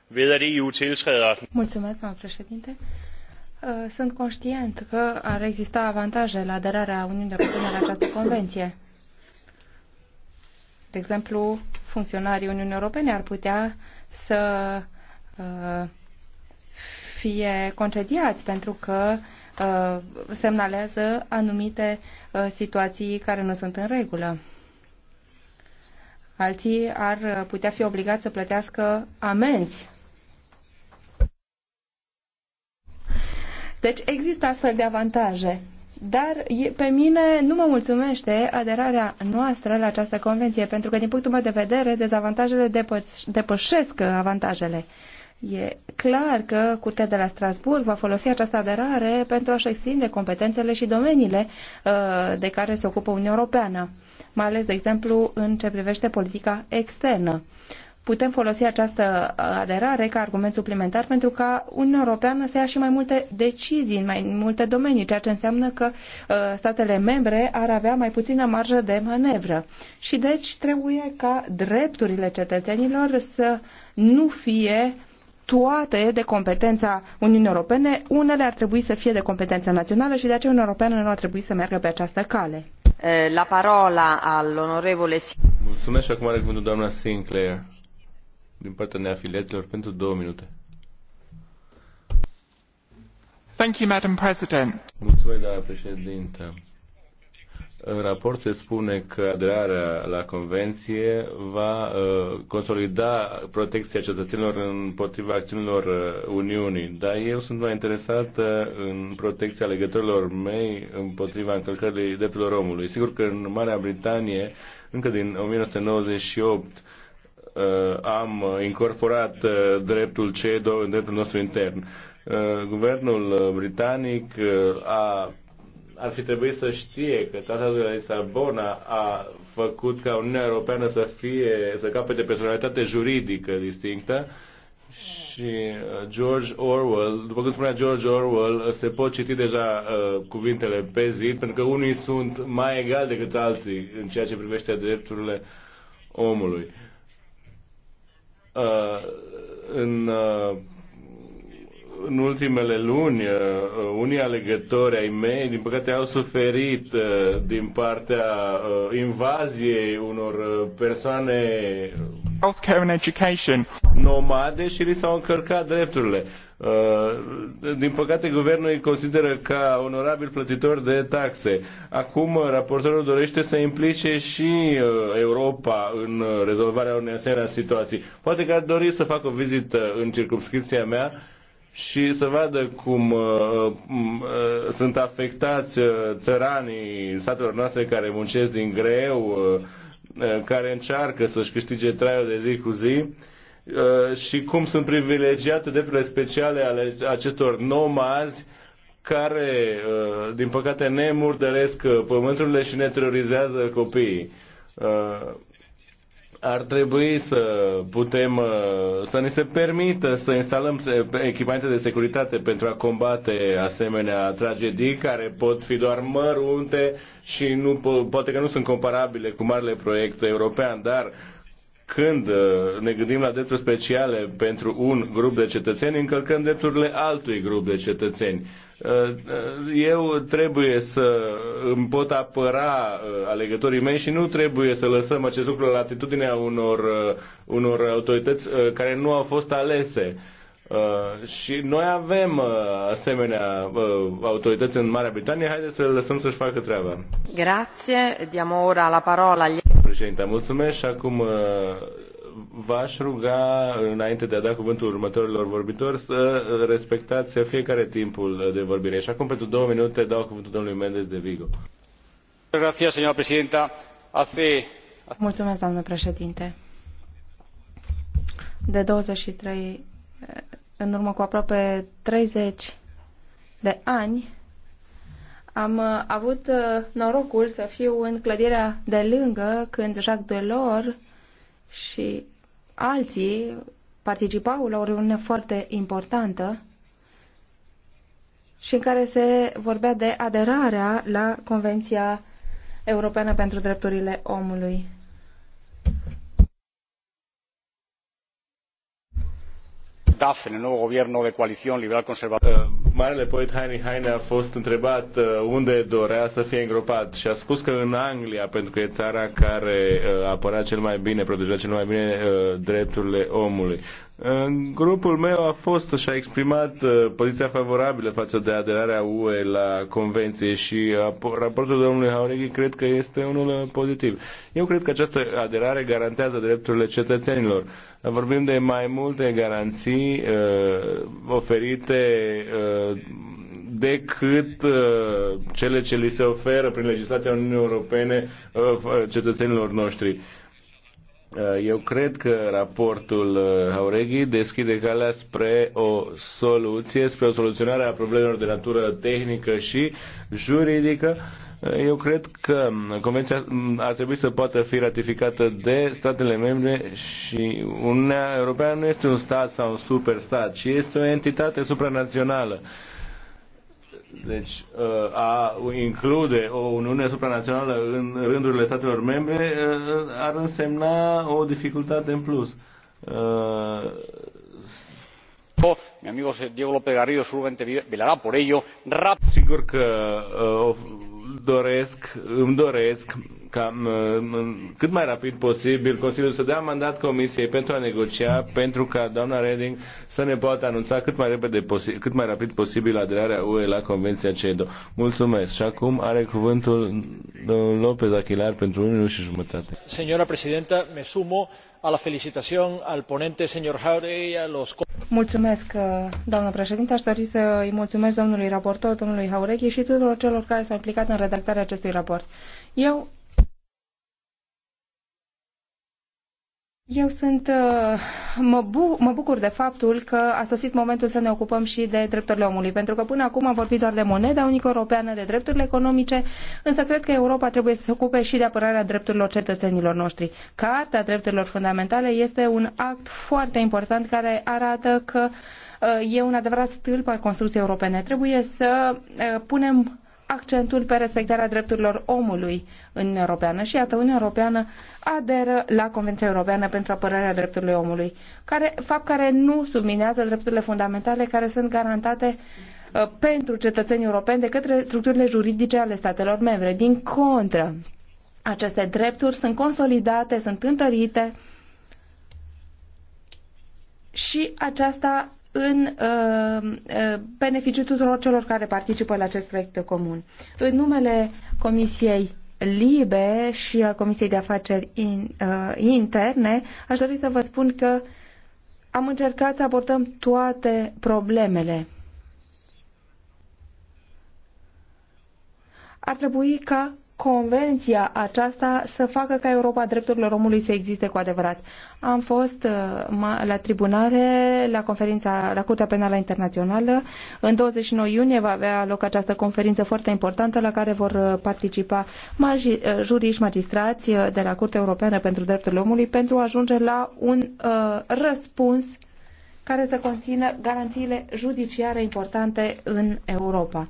ved at EU tiltræder. Mulțumesc, domnul președinte. Uh, sunt conștient că ar exista avantaje la aderarea Uniunii Europene la această convenție. De exemplu, funcționarii Uniunii Europene ar putea să uh, fie concediați pentru că uh, semnalează anumite uh, situații care nu sunt în regulă. Alții ar putea fi obligați să plătească amenzi. Deci există astfel de avantaje. Dar pe mine nu mă mulțumește aderarea noastră la această convenție, pentru că, din punctul meu de vedere, dezavantajele depăș- depășesc avantajele. E clar că Curtea de la Strasburg va folosi această aderare pentru a-și extinde competențele și domeniile uh, de care se ocupă Uniunea Europeană, mai ales, de exemplu, în ce privește politica externă. Uh, putem folosi această uh, aderare ca argument suplimentar pentru ca Uniunea Europeană să ia și mai multe decizii în mai multe domenii, ceea ce înseamnă că uh, statele membre ar avea mai puțină marjă de manevră. Și deci trebuie ca drepturile cetățenilor să nu fie toate de competența Uniunii Europene, unele ar trebui să fie de competență națională și de aceea Uniunea Europeană nu ar trebui să meargă pe această cale. Eh, la parola al onorevole Mulțumesc și acum are cuvântul doamna Sinclair din partea neafiliaților pentru două minute. Thank you, Madam President. Mulțumesc, doamnă președintă. În raport se spune că aderarea la convenție va uh, consolida protecția cetățenilor împotriva acțiunilor uh, Uniunii, dar eu sunt mai interesat uh, în protecția legătorilor mei împotriva încălcării drepturilor omului. Sigur că în Marea Britanie, încă din 1998, Uh, am incorporat uh, dreptul CEDO în dreptul nostru intern. Uh, guvernul britanic a, ar fi trebuit să știe că tratatul de la Lisabona a făcut ca Uniunea Europeană să fie, să capete personalitate juridică distinctă și George Orwell, după cum spunea George Orwell, se pot citi deja uh, cuvintele pe zid, pentru că unii sunt mai egali decât alții în ceea ce privește drepturile omului. Uh, în, uh, în ultimele luni, uh, unii alegători ai mei, din păcate, au suferit din partea invaziei unor persoane. Healthcare and education nomade și li s-au încărcat drepturile. Uh, din păcate, guvernul îi consideră ca onorabil plătitor de taxe. Acum, uh, raportorul dorește să implice și uh, Europa în rezolvarea unei asemenea situații. Poate că ar dori să facă o vizită în circumscripția mea și să vadă cum uh, uh, sunt afectați uh, țăranii satelor noastre care muncesc din greu, uh, uh, care încearcă să-și câștige traiul de zi cu zi Uh, și cum sunt privilegiate drepturile speciale ale acestor nomazi care, uh, din păcate, ne murdăresc uh, pământurile și ne terorizează copiii. Ar trebui să putem, să ni se permită să instalăm echipamente de securitate pentru a combate asemenea tragedii care pot fi doar mărunte și nu, poate că nu sunt comparabile cu marele proiect european, dar uh, când uh, ne gândim la drepturi speciale pentru un grup de cetățeni, încălcăm drepturile altui grup de cetățeni. Uh, uh, eu trebuie să îmi pot apăra alegătorii mei și nu trebuie să lăsăm acest lucru la atitudinea unor, unor autorități care nu au fost alese Uh, și noi avem uh, asemenea uh, autorități în Marea Britanie, haideți să le lăsăm să-și facă treaba. Grație, diam ora la parola. Președinte, mulțumesc și acum uh, v-aș ruga, înainte de a da cuvântul următorilor vorbitori, să respectați fiecare timpul de vorbire. Și acum, pentru două minute, dau cuvântul domnului Mendes de Vigo. Gracias, señora presidenta. Hace... Mulțumesc, doamnă președinte. De 23 în urmă cu aproape 30 de ani, am uh, avut uh, norocul să fiu în clădirea de lângă când Jacques Delors și alții participau la o reuniune foarte importantă și în care se vorbea de aderarea la Convenția Europeană pentru Drepturile Omului. caf în el nou de coaliție liberal conservator. Uh, marele poet Heini Heine a fost întrebat uh, unde dorea să fie îngropat și a spus că în Anglia, pentru că e țara care uh, apăra cel mai bine, proteja cel mai bine drepturile omului. Grupul meu a fost și a exprimat uh, poziția favorabilă față de aderarea UE la convenție și uh, raportul domnului Haureghi cred că este unul uh, pozitiv. Eu cred că această aderare garantează drepturile cetățenilor. Vorbim de mai multe garanții uh, oferite uh, decât uh, cele ce li se oferă prin legislația Uniunii Europene uh, cetățenilor noștri. Uh, Uh, eu cred că raportul Haureghi uh, deschide calea spre o soluție, spre o soluționare a problemelor de natură tehnică și juridică. Uh, eu cred că convenția mm, ar trebui să poată fi ratificată de statele membre și Uniunea Europeană nu este un stat sau un superstat, ci este o entitate supranațională. Deci uh, a include o Uniune supranațională în rândurile statelor membre uh, ar însemna o dificultate în plus. Uh, oh, mi amigo Diego López Garrido seguramente velará por ello. Sigur că doresc, îmi doresc cam uh, cât mai rapid posibil Consiliul să dea mandat Comisiei pentru a negocia, pentru ca doamna Reding să ne poată anunța cât mai, repede posi- cât mai rapid posibil aderarea UE la Convenția CEDO. Mulțumesc. Și acum are cuvântul domnul López Aquilar pentru un minut și jumătate. Señora Presidenta, me sumo a la felicitación al ponente, señor Jaure, y a los... Mulțumesc, uh, doamnă președinte. Aș dori să îi mulțumesc domnului raportor, domnului Haureghi și tuturor celor care s-au implicat în redactarea acestui raport. Eu Eu sunt, uh, mă, bu- mă bucur de faptul că a sosit momentul să ne ocupăm și de drepturile omului, pentru că până acum am vorbit doar de moneda unică europeană, de drepturile economice, însă cred că Europa trebuie să se ocupe și de apărarea drepturilor cetățenilor noștri. Carta drepturilor fundamentale este un act foarte important care arată că uh, e un adevărat stâlp al construcției europene. Trebuie să uh, punem accentul pe respectarea drepturilor omului în Uniunea Europeană și iată, Uniunea Europeană aderă la Convenția Europeană pentru apărarea drepturilor omului, care, fapt care nu subminează drepturile fundamentale care sunt garantate uh, pentru cetățenii europeni de către structurile juridice ale statelor membre. Din contră, aceste drepturi sunt consolidate, sunt întărite și aceasta în uh, uh, beneficiul tuturor celor care participă la acest proiect comun. În numele Comisiei Libe și a Comisiei de Afaceri in, uh, Interne, aș dori să vă spun că am încercat să abordăm toate problemele. Ar trebui ca convenția aceasta să facă ca Europa drepturilor omului să existe cu adevărat. Am fost uh, la tribunare, la conferința, la Curtea Penală Internațională. În 29 iunie va avea loc această conferință foarte importantă la care vor uh, participa magi, uh, juriști magistrați de la Curtea Europeană pentru Drepturile Omului pentru a ajunge la un uh, răspuns care să conțină garanțiile judiciare importante în Europa.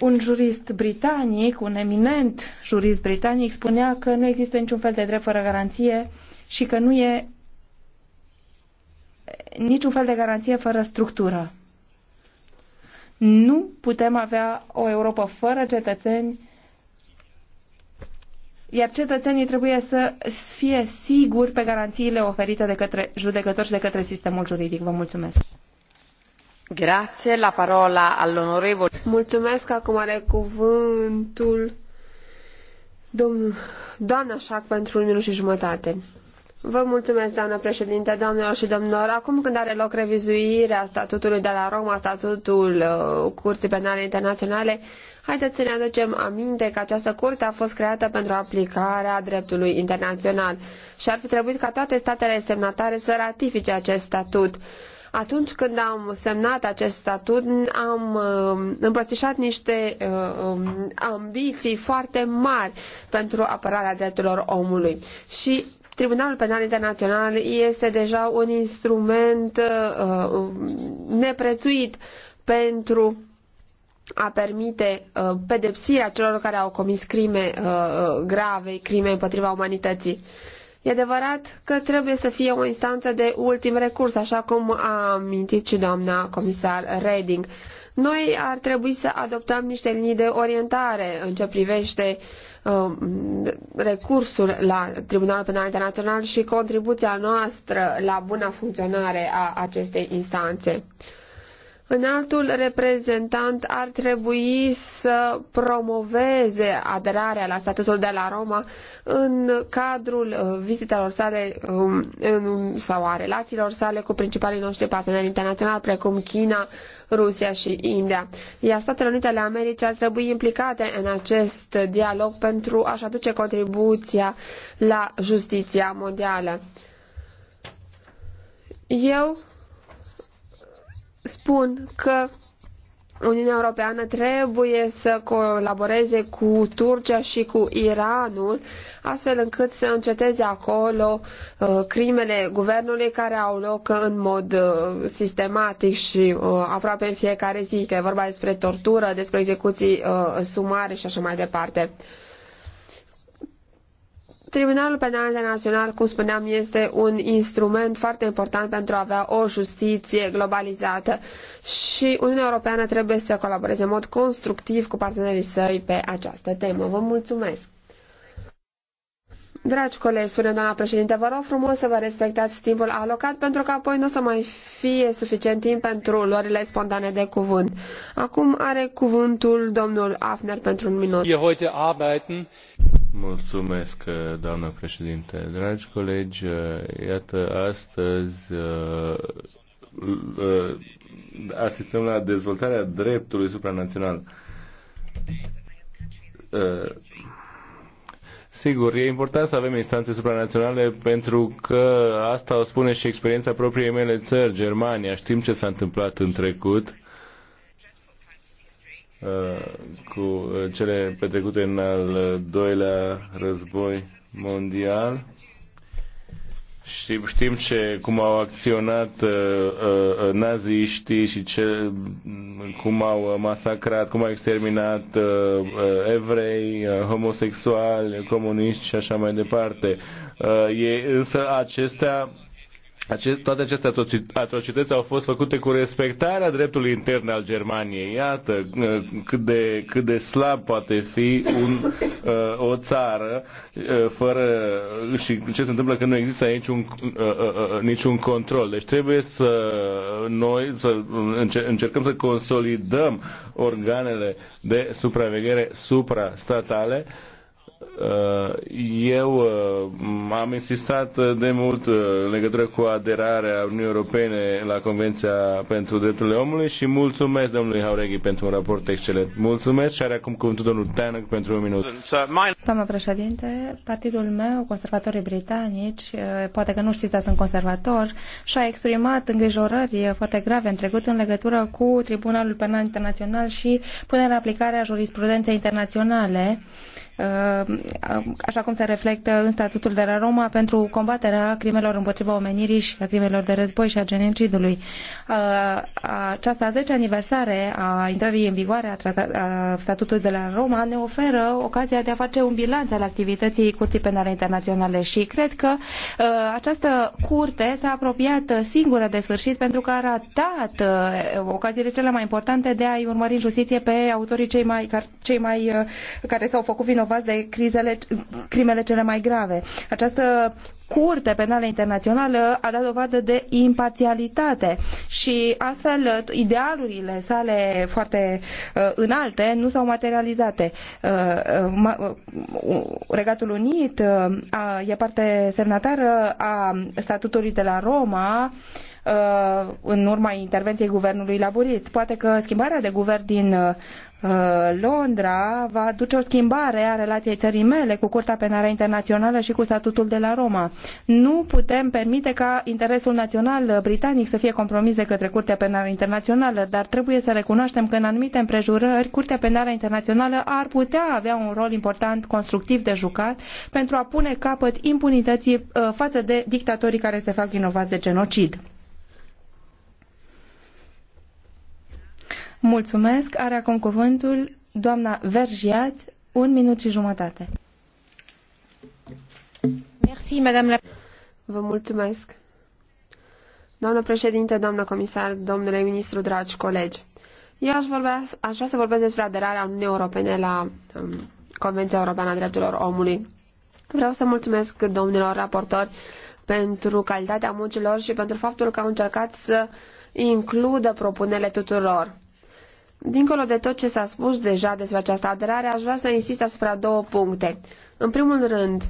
Un jurist britanic, un eminent jurist britanic, spunea că nu există niciun fel de drept fără garanție și că nu e niciun fel de garanție fără structură. Nu putem avea o Europa fără cetățeni, iar cetățenii trebuie să fie siguri pe garanțiile oferite de către judecători și de către sistemul juridic. Vă mulțumesc! Grazie, la parola all'onorevole. Mulțumesc, acum are cuvântul domnul, doamna Șac pentru un minut și jumătate. Vă mulțumesc, doamnă președinte, doamnelor și domnilor. Acum când are loc revizuirea statutului de la Roma, statutul uh, Curții Penale Internaționale, haideți să ne aducem aminte că această curte a fost creată pentru aplicarea dreptului internațional și ar fi trebuit ca toate statele semnatare să ratifice acest statut. Atunci când am semnat acest statut, am um, îmbrățișat niște uh, um, ambiții foarte mari pentru apărarea drepturilor omului. Și Tribunalul Penal Internațional este deja un instrument uh, uh, neprețuit pentru a permite uh, pedepsirea celor care au comis crime uh, grave, crime împotriva umanității. E adevărat că trebuie să fie o instanță de ultim recurs, așa cum a amintit și doamna comisar Reding. Noi ar trebui să adoptăm niște linii de orientare în ce privește um, recursul la Tribunalul Penal Internațional și contribuția noastră la buna funcționare a acestei instanțe. Înaltul reprezentant ar trebui să promoveze aderarea la statutul de la Roma în cadrul uh, vizitelor sale um, sau a relațiilor sale cu principalii noștri parteneri internaționali, precum China, Rusia și India. Iar Statele Unite ale Americii ar trebui implicate în acest dialog pentru a-și aduce contribuția la justiția mondială. Eu spun că Uniunea Europeană trebuie să colaboreze cu Turcia și cu Iranul, astfel încât să înceteze acolo uh, crimele guvernului care au loc în mod uh, sistematic și uh, aproape în fiecare zi, că e vorba despre tortură, despre execuții uh, sumare și așa mai departe. Tribunalul Penal Internațional, cum spuneam, este un instrument foarte important pentru a avea o justiție globalizată și Uniunea Europeană trebuie să colaboreze în mod constructiv cu partenerii săi pe această temă. Vă mulțumesc! Dragi colegi, spune doamna președinte, vă rog frumos să vă respectați timpul alocat pentru că apoi nu o să mai fie suficient timp pentru luările spontane de cuvânt. Acum are cuvântul domnul Afner pentru un minut. Mulțumesc, uh, doamnă președinte. Dragi colegi, uh, iată, astăzi uh, asistăm la dezvoltarea dreptului supranațional. Sigur, e important să avem instanțe supranaționale pentru că asta o spune și experiența propriei mele țări, Germania. Știm ce s-a întâmplat în trecut Uh, cu cele petrecute în al doilea război mondial. Știm, știm ce, cum au acționat uh, uh, uh, naziștii și ce, cum au masacrat, cum au exterminat uh, uh, evrei, uh, homosexuali, comuniști și așa mai departe. Uh, e, însă acestea Ace- toate aceste atrocități au fost făcute cu respectarea dreptului intern al Germaniei. Iată uh, cât de, cât de slab poate fi un, uh, o țară uh, fără și ce se întâmplă că nu există niciun, niciun control. Deci trebuie să noi să încercăm să consolidăm organele de supraveghere suprastatale Uh, eu uh, am insistat uh, de mult în legătură cu aderarea Uniunii Europene la Convenția pentru Drepturile Omului și mulțumesc domnului Haureghi pentru un raport excelent. Mulțumesc și are acum cuvântul domnul Tanăc pentru un minut. Doamna președinte, partidul meu, conservatorii britanici, poate că nu știți, dar sunt conservator, și-a exprimat îngrijorări foarte grave în trecut în legătură cu Tribunalul Penal Internațional și punerea aplicare a jurisprudenței internaționale Uh, așa cum se reflectă în statutul de la Roma, pentru combaterea crimelor împotriva omenirii și a crimelor de război și a genocidului. Uh, această a 10 aniversare a intrării în vigoare a, a statutului de la Roma ne oferă ocazia de a face un bilanț al activității Curții Penale Internaționale și cred că uh, această curte s-a apropiat singură de sfârșit pentru că a ratat ocaziile cele mai importante de a-i urmări în justiție pe autorii cei mai, cei mai care s-au făcut vinovați vinovați de crizele, crimele cele mai grave. Această Curte Penală Internațională a dat dovadă de imparțialitate și astfel idealurile sale foarte uh, înalte nu s-au materializate. Uh, uh, uh Regatul Unit uh, e parte semnatară a statutului de la Roma uh, în urma intervenției guvernului laburist. Poate că schimbarea de guvern din uh, Uh, Londra va duce o schimbare a relației țării mele cu Curtea Penală Internațională și cu statutul de la Roma. Nu putem permite ca interesul național britanic să fie compromis de către Curtea Penală Internațională, dar trebuie să recunoaștem că în anumite împrejurări Curtea Penală Internațională ar putea avea un rol important constructiv de jucat pentru a pune capăt impunității uh, față de dictatorii care se fac vinovați de genocid. Mulțumesc. Are acum cuvântul doamna Vergiat, un minut și jumătate. Merci, madame la... Vă mulțumesc. Doamnă președinte, doamnă comisar, domnule ministru, dragi colegi, eu aș, vorbea, aș vrea să vorbesc despre aderarea Uniunii Europene la um, Convenția Europeană a Drepturilor Omului. Vreau să mulțumesc domnilor raportori pentru calitatea muncilor și pentru faptul că au încercat să includă propunerile tuturor. Dincolo de tot ce s-a spus deja despre această aderare, aș vrea să insist asupra două puncte. În primul rând,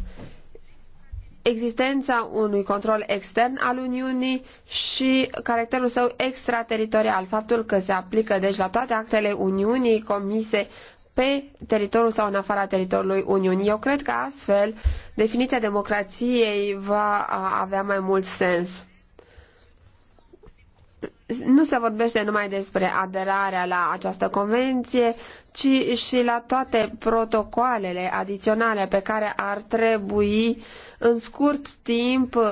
existența unui control extern al Uniunii și caracterul său extrateritorial, faptul că se aplică deci la toate actele Uniunii comise pe teritoriul sau în afara teritoriului Uniunii. Eu cred că astfel definiția democrației va avea mai mult sens nu se vorbește numai despre aderarea la această convenție, ci și la toate protocoalele adiționale pe care ar trebui în scurt timp uh,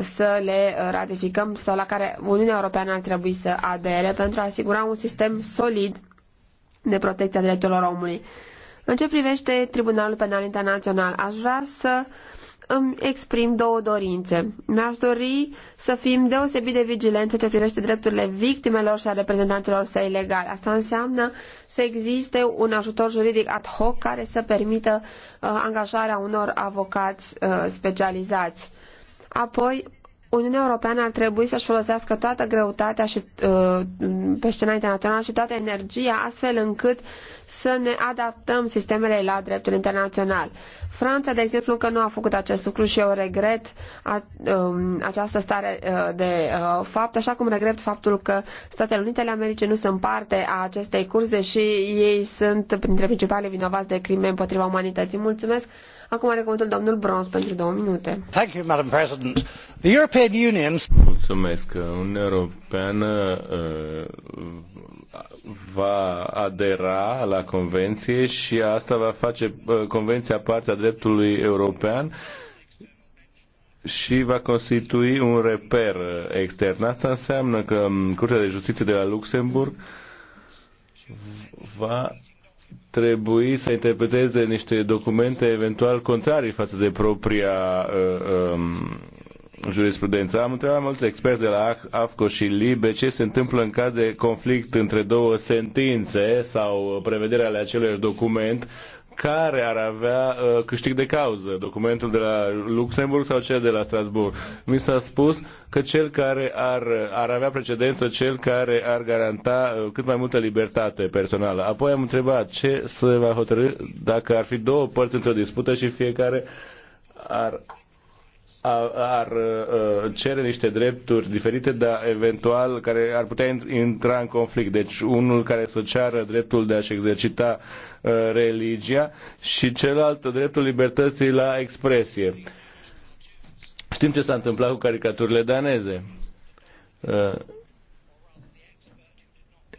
să le ratificăm sau la care Uniunea Europeană ar trebui să adere pentru a asigura un sistem solid de protecție a drepturilor omului. În ce privește Tribunalul Penal Internațional, aș vrea să îmi exprim două dorințe. Mi-aș dori să fim deosebit de vigilenți în ce privește drepturile victimelor și a reprezentanților săi legali. Asta înseamnă să existe un ajutor juridic ad hoc care să permită uh, angajarea unor avocați uh, specializați. Apoi, Uniunea Europeană ar trebui să-și folosească toată greutatea și, uh, pe scena internațională și toată energia, astfel încât uh, să ne adaptăm sistemele la dreptul internațional. Franța, de exemplu, încă nu a făcut acest lucru și eu regret a, um, această stare uh, de uh, fapt, așa cum regret faptul că Statele Unite ale Americii nu sunt parte a acestei curs, și ei sunt printre principalii vinovați de crime împotriva umanității. Mulțumesc! Acum are cuvântul domnul Brons pentru două minute. Thank you, Madam President. The European Union... Mulțumesc. Uniunea Europeană uh, va adera la convenție și asta va face uh, convenția parte a dreptului european și va constitui un reper extern. Asta înseamnă că um, Curtea de Justiție de la Luxemburg va trebui să interpreteze niște documente eventual contrarii față de propria uh, um, jurisprudență. Am întrebat mulți experți de la AFCO și LIBE ce se întâmplă în caz de conflict între două sentințe sau prevederea ale aceluiași document care ar avea uh, câștig de cauză, documentul de la Luxemburg sau cel de la Strasburg. Mi s-a spus că cel care ar, ar avea precedență, cel care ar garanta uh, cât mai multă libertate personală. Apoi am întrebat ce se va hotărâ dacă ar fi două părți într-o dispută și fiecare ar ar, uh, uh, cere niște drepturi diferite, dar eventual care ar putea intra în conflict. Deci unul care să ceară dreptul de a-și exercita uh, religia și celălalt dreptul libertății la expresie. Știm ce s-a întâmplat cu caricaturile daneze.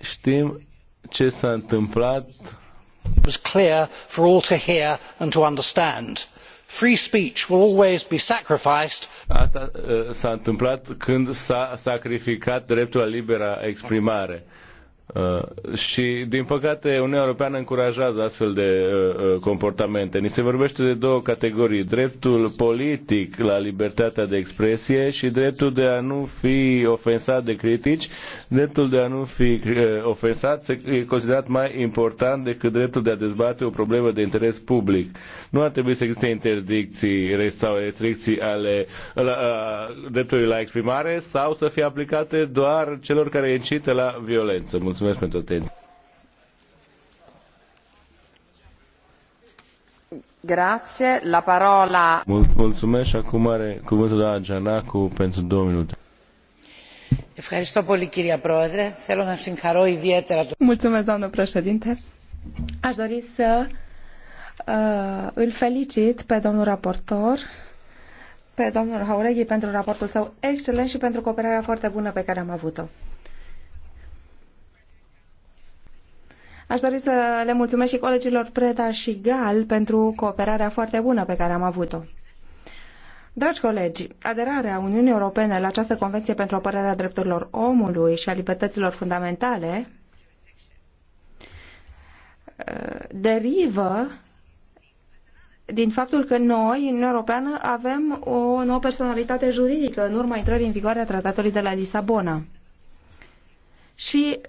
Știm ce s-a întâmplat. It was clear for all to hear and to understand free speech will always be sacrificed. Asta uh, s-a întâmplat când s-a sacrificat dreptul la libera exprimare. Uh, și, din păcate, Uniunea Europeană încurajează astfel de uh, uh, comportamente. Ni se vorbește de două categorii, dreptul politic la libertatea de expresie și dreptul de a nu fi ofensat de critici. Dreptul de a nu fi uh, ofensat e considerat mai important decât dreptul de a dezbate o problemă de interes public. Nu ar trebui să existe interdicții sau restricții ale la, dreptului la exprimare sau să fie aplicate doar celor care incită la violență. Mulțumesc mulțumesc pentru atenție. Grazie, la parola. Mul mulțumesc acum are cuvântul doamna Gianacu pentru două minute. Ευχαριστώ πολύ κυρία Πρόεδρε. Θέλω να συγχαρώ ιδιαίτερα το... Mulțumesc, doamnă președinte. Aș dori să uh, îl felicit pe domnul raportor pe domnul Haureghi pentru raportul său excelent și pentru cooperarea foarte bună pe care am avut-o. Aș dori să le mulțumesc și colegilor Preda și Gal pentru cooperarea foarte bună pe care am avut-o. Dragi colegi, aderarea Uniunii Europene la această Convenție pentru apărarea drepturilor omului și a libertăților fundamentale eh, derivă din faptul că noi, Uniunea Europeană, avem o nouă personalitate juridică în urma intrării în vigoare a Tratatului de la Lisabona. Și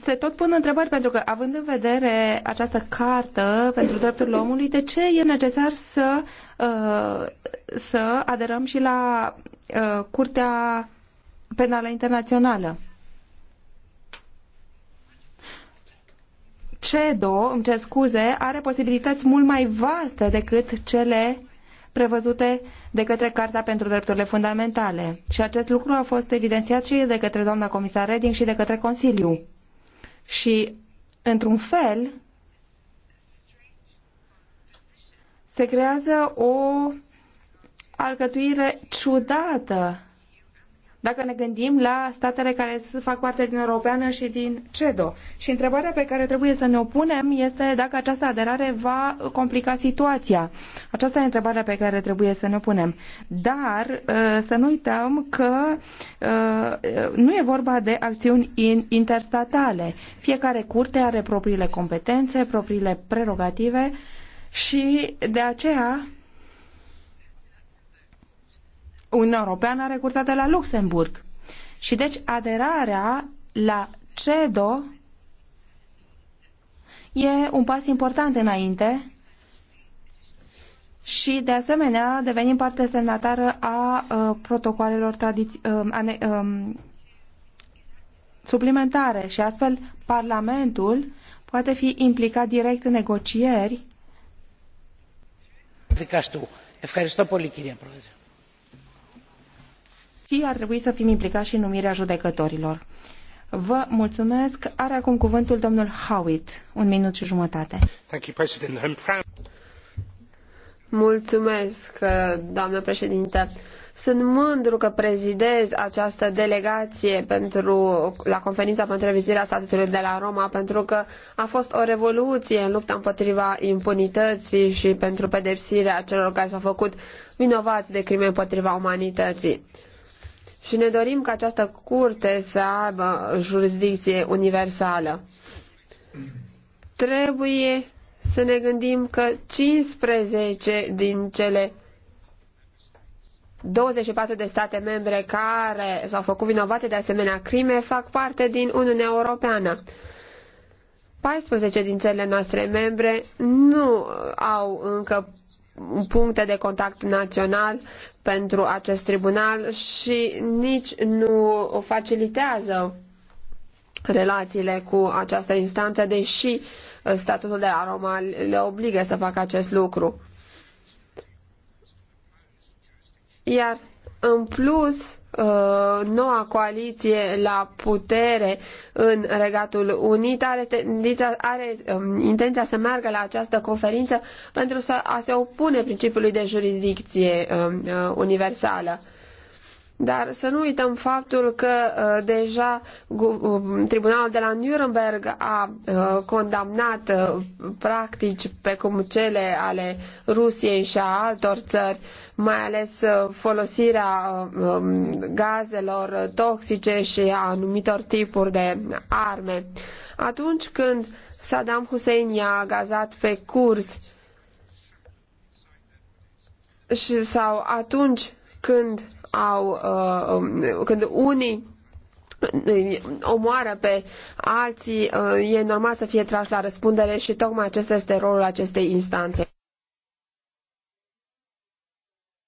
se tot pun întrebări, pentru că, având în vedere această cartă pentru drepturile omului, de ce e necesar să, uh, să aderăm și la uh, Curtea Penală Internațională? CEDO, îmi cer scuze, are posibilități mult mai vaste decât cele prevăzute de către Carta pentru Drepturile Fundamentale. Și acest lucru a fost evidențiat și de către doamna comisar Reding și de către Consiliu și, într-un fel, se creează o alcătuire ciudată dacă ne gândim la statele care fac parte din Europeană și din CEDO. Și întrebarea pe care trebuie să ne o punem este dacă această aderare va complica situația. Aceasta e întrebarea pe care trebuie să ne o punem. Dar ă, să nu uităm că ă, nu e vorba de acțiuni interstatale. Fiecare curte are propriile competențe, propriile prerogative și de aceea Uniunea Europeană are curtea de la Luxemburg. Și deci aderarea la CEDO e un pas important înainte și, de asemenea, devenim parte semnatară a uh, protocoalelor tradiți- uh, ane- uh, suplimentare și astfel Parlamentul poate fi implicat direct în negocieri. Ευχαριστώ πολύ, κυρία Πρόεδρε și ar trebui să fim implicați și în numirea judecătorilor. Vă mulțumesc. Are acum cuvântul domnul Howitt. Un minut și jumătate. Mulțumesc, doamnă președinte. Sunt mândru că prezidez această delegație pentru, la conferința pentru revizuirea statului de la Roma, pentru că a fost o revoluție în lupta împotriva impunității și pentru pedepsirea celor care s-au făcut vinovați de crime împotriva umanității și ne dorim ca această curte să aibă jurisdicție universală. Trebuie să ne gândim că 15 din cele 24 de state membre care s-au făcut vinovate de asemenea crime fac parte din Uniunea Europeană. 14 din țările noastre membre nu au încă puncte de contact național pentru acest tribunal și nici nu facilitează relațiile cu această instanță, deși uh, statutul de la Roma le obligă să facă acest lucru. Iar, în plus, Uh, noua coaliție la putere în Regatul Unit are, tendința, are um, intenția să meargă la această conferință pentru să, a se opune principiului de jurisdicție um, uh, universală. Dar să nu uităm faptul că uh, deja uh, tribunalul de la Nuremberg a uh, condamnat uh, practici pe cum cele ale Rusiei și a altor țări, mai ales uh, folosirea uh, um, gazelor toxice și a anumitor tipuri de arme. Atunci când Saddam Hussein i-a gazat pe curs și, sau atunci când au, uh, um, când unii omoară pe alții, uh, e normal să fie trași la răspundere și tocmai acesta este rolul acestei instanțe.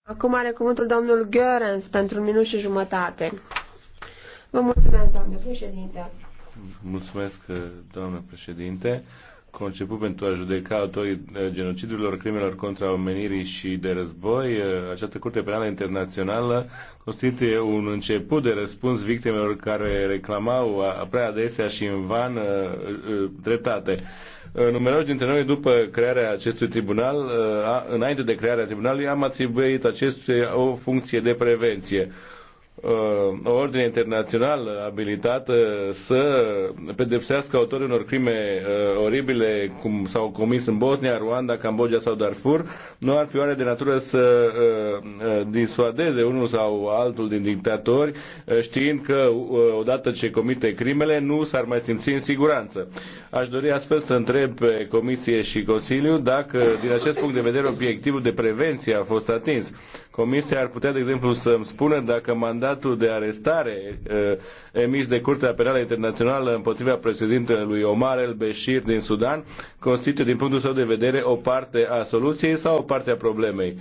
Acum are cuvântul domnul Görens pentru un minut și jumătate. Vă mulțumesc, doamnă președinte. Mulțumesc, uh, doamnă președinte conceput pentru a judeca autorii eh, genocidurilor, crimelor contra omenirii și de război, eh, această Curte Penală Internațională constituie un început de răspuns victimelor care reclamau prea adesea și în van eh, dreptate. Numeroși dintre noi, după crearea acestui tribunal, înainte de crearea tribunalului, am atribuit acestuia o funcție de prevenție Uh, o ordine internațională abilitată să pedepsească autorii unor crime uh, oribile cum s-au comis în Bosnia, Rwanda, Cambodgia sau Darfur, nu ar fi oare de natură să uh, disuadeze unul sau altul din dictatori știind că odată ce comite crimele nu s-ar mai simți în siguranță. Aș dori astfel să întreb pe Comisie și Consiliu dacă din acest punct de vedere obiectivul de prevenție a fost atins. Comisia ar putea, de exemplu, să-mi spună dacă mandatul mandatul de arestare uh, emis de Curtea Penală Internațională împotriva președintelui Omar El beshir din Sudan constituie, din punctul său de vedere, o parte a soluției sau o parte a problemei.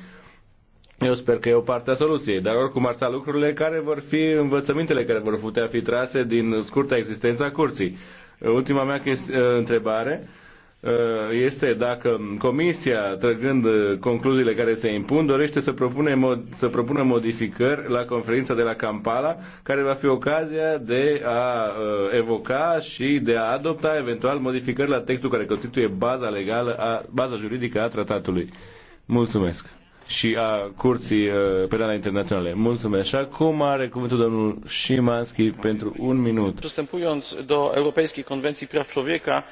Eu sper că e o parte a soluției, dar oricum ar sta lucrurile care vor fi învățămintele care vor putea fi trase din scurta existența curții. Ultima mea uh, întrebare Uh, este dacă Comisia, trăgând uh, concluziile care se impun, dorește să, propune, să propună modificări la conferința de la Kampala, care va fi ocazia de a uh, evoca și de a adopta eventual modificări la textul care constituie baza legală, a, baza juridică a tratatului. Mulțumesc! și a Curții uh, Penale Internaționale. Mulțumesc. Și acum are cuvântul domnul Șimanski pentru un minut. do Europejskiej Konwencji Praw Człowieka,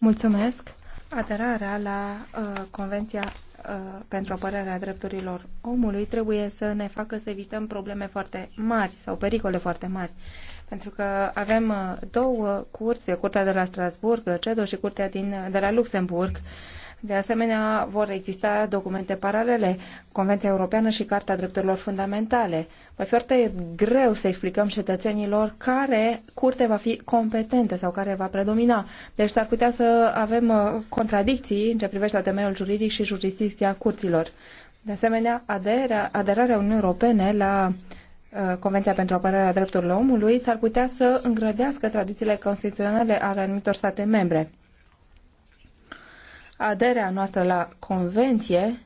Mulțumesc. Aderarea la uh, Convenția uh, pentru apărarea drepturilor omului trebuie să ne facă să evităm probleme foarte mari sau pericole foarte mari. Pentru că avem uh, două curse, Curtea de la Strasburg, CEDO și Curtea din, de la Luxemburg, uh, de asemenea, vor exista documente paralele, Convenția Europeană și Carta Drepturilor Fundamentale. Va fi foarte greu să explicăm cetățenilor care curte va fi competentă sau care va predomina. Deci s-ar putea să avem uh, contradicții în ce privește temeiul juridic și jurisdicția curților. De asemenea, aderarea, aderarea Uniunii Europene la uh, Convenția pentru apărarea drepturilor omului s-ar putea să îngrădească tradițiile constituționale ale anumitor state membre aderea noastră la convenție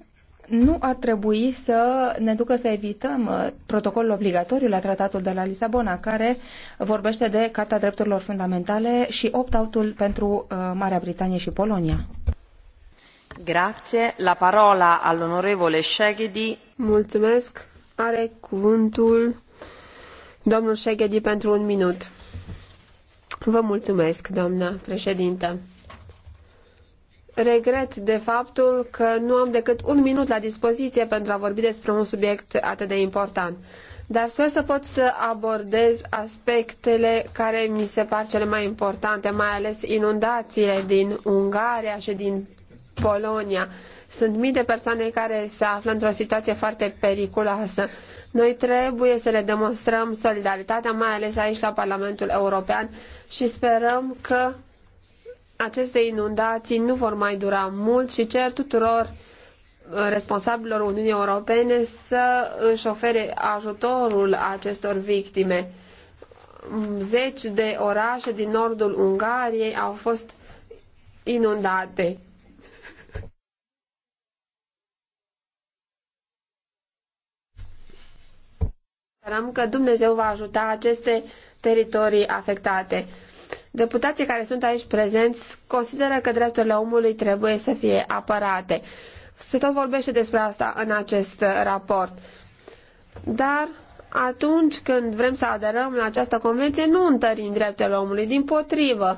nu ar trebui să ne ducă să evităm uh, protocolul obligatoriu la tratatul de la Lisabona, care vorbește de Carta Drepturilor Fundamentale și opt autul pentru uh, Marea Britanie și Polonia. Grazie. La parola all'onorevole Shegedi. Mulțumesc. Are cuvântul domnul Shegedi pentru un minut. Vă mulțumesc, doamna președintă regret de faptul că nu am decât un minut la dispoziție pentru a vorbi despre un subiect atât de important. Dar sper să pot să abordez aspectele care mi se par cele mai importante, mai ales inundațiile din Ungaria și din Polonia. Sunt mii de persoane care se află într-o situație foarte periculoasă. Noi trebuie să le demonstrăm solidaritatea, mai ales aici la Parlamentul European și sperăm că aceste inundații nu vor mai dura mult și cer tuturor uh, responsabililor Uniunii Europene să își ofere ajutorul acestor victime. Mm, zeci de orașe din nordul Ungariei au fost inundate. Sperăm că Dumnezeu va ajuta aceste teritorii afectate. Deputații care sunt aici prezenți consideră că drepturile omului trebuie să fie apărate. Se tot vorbește despre asta în acest raport. Dar atunci când vrem să aderăm la această convenție, nu întărim drepturile omului, din potrivă.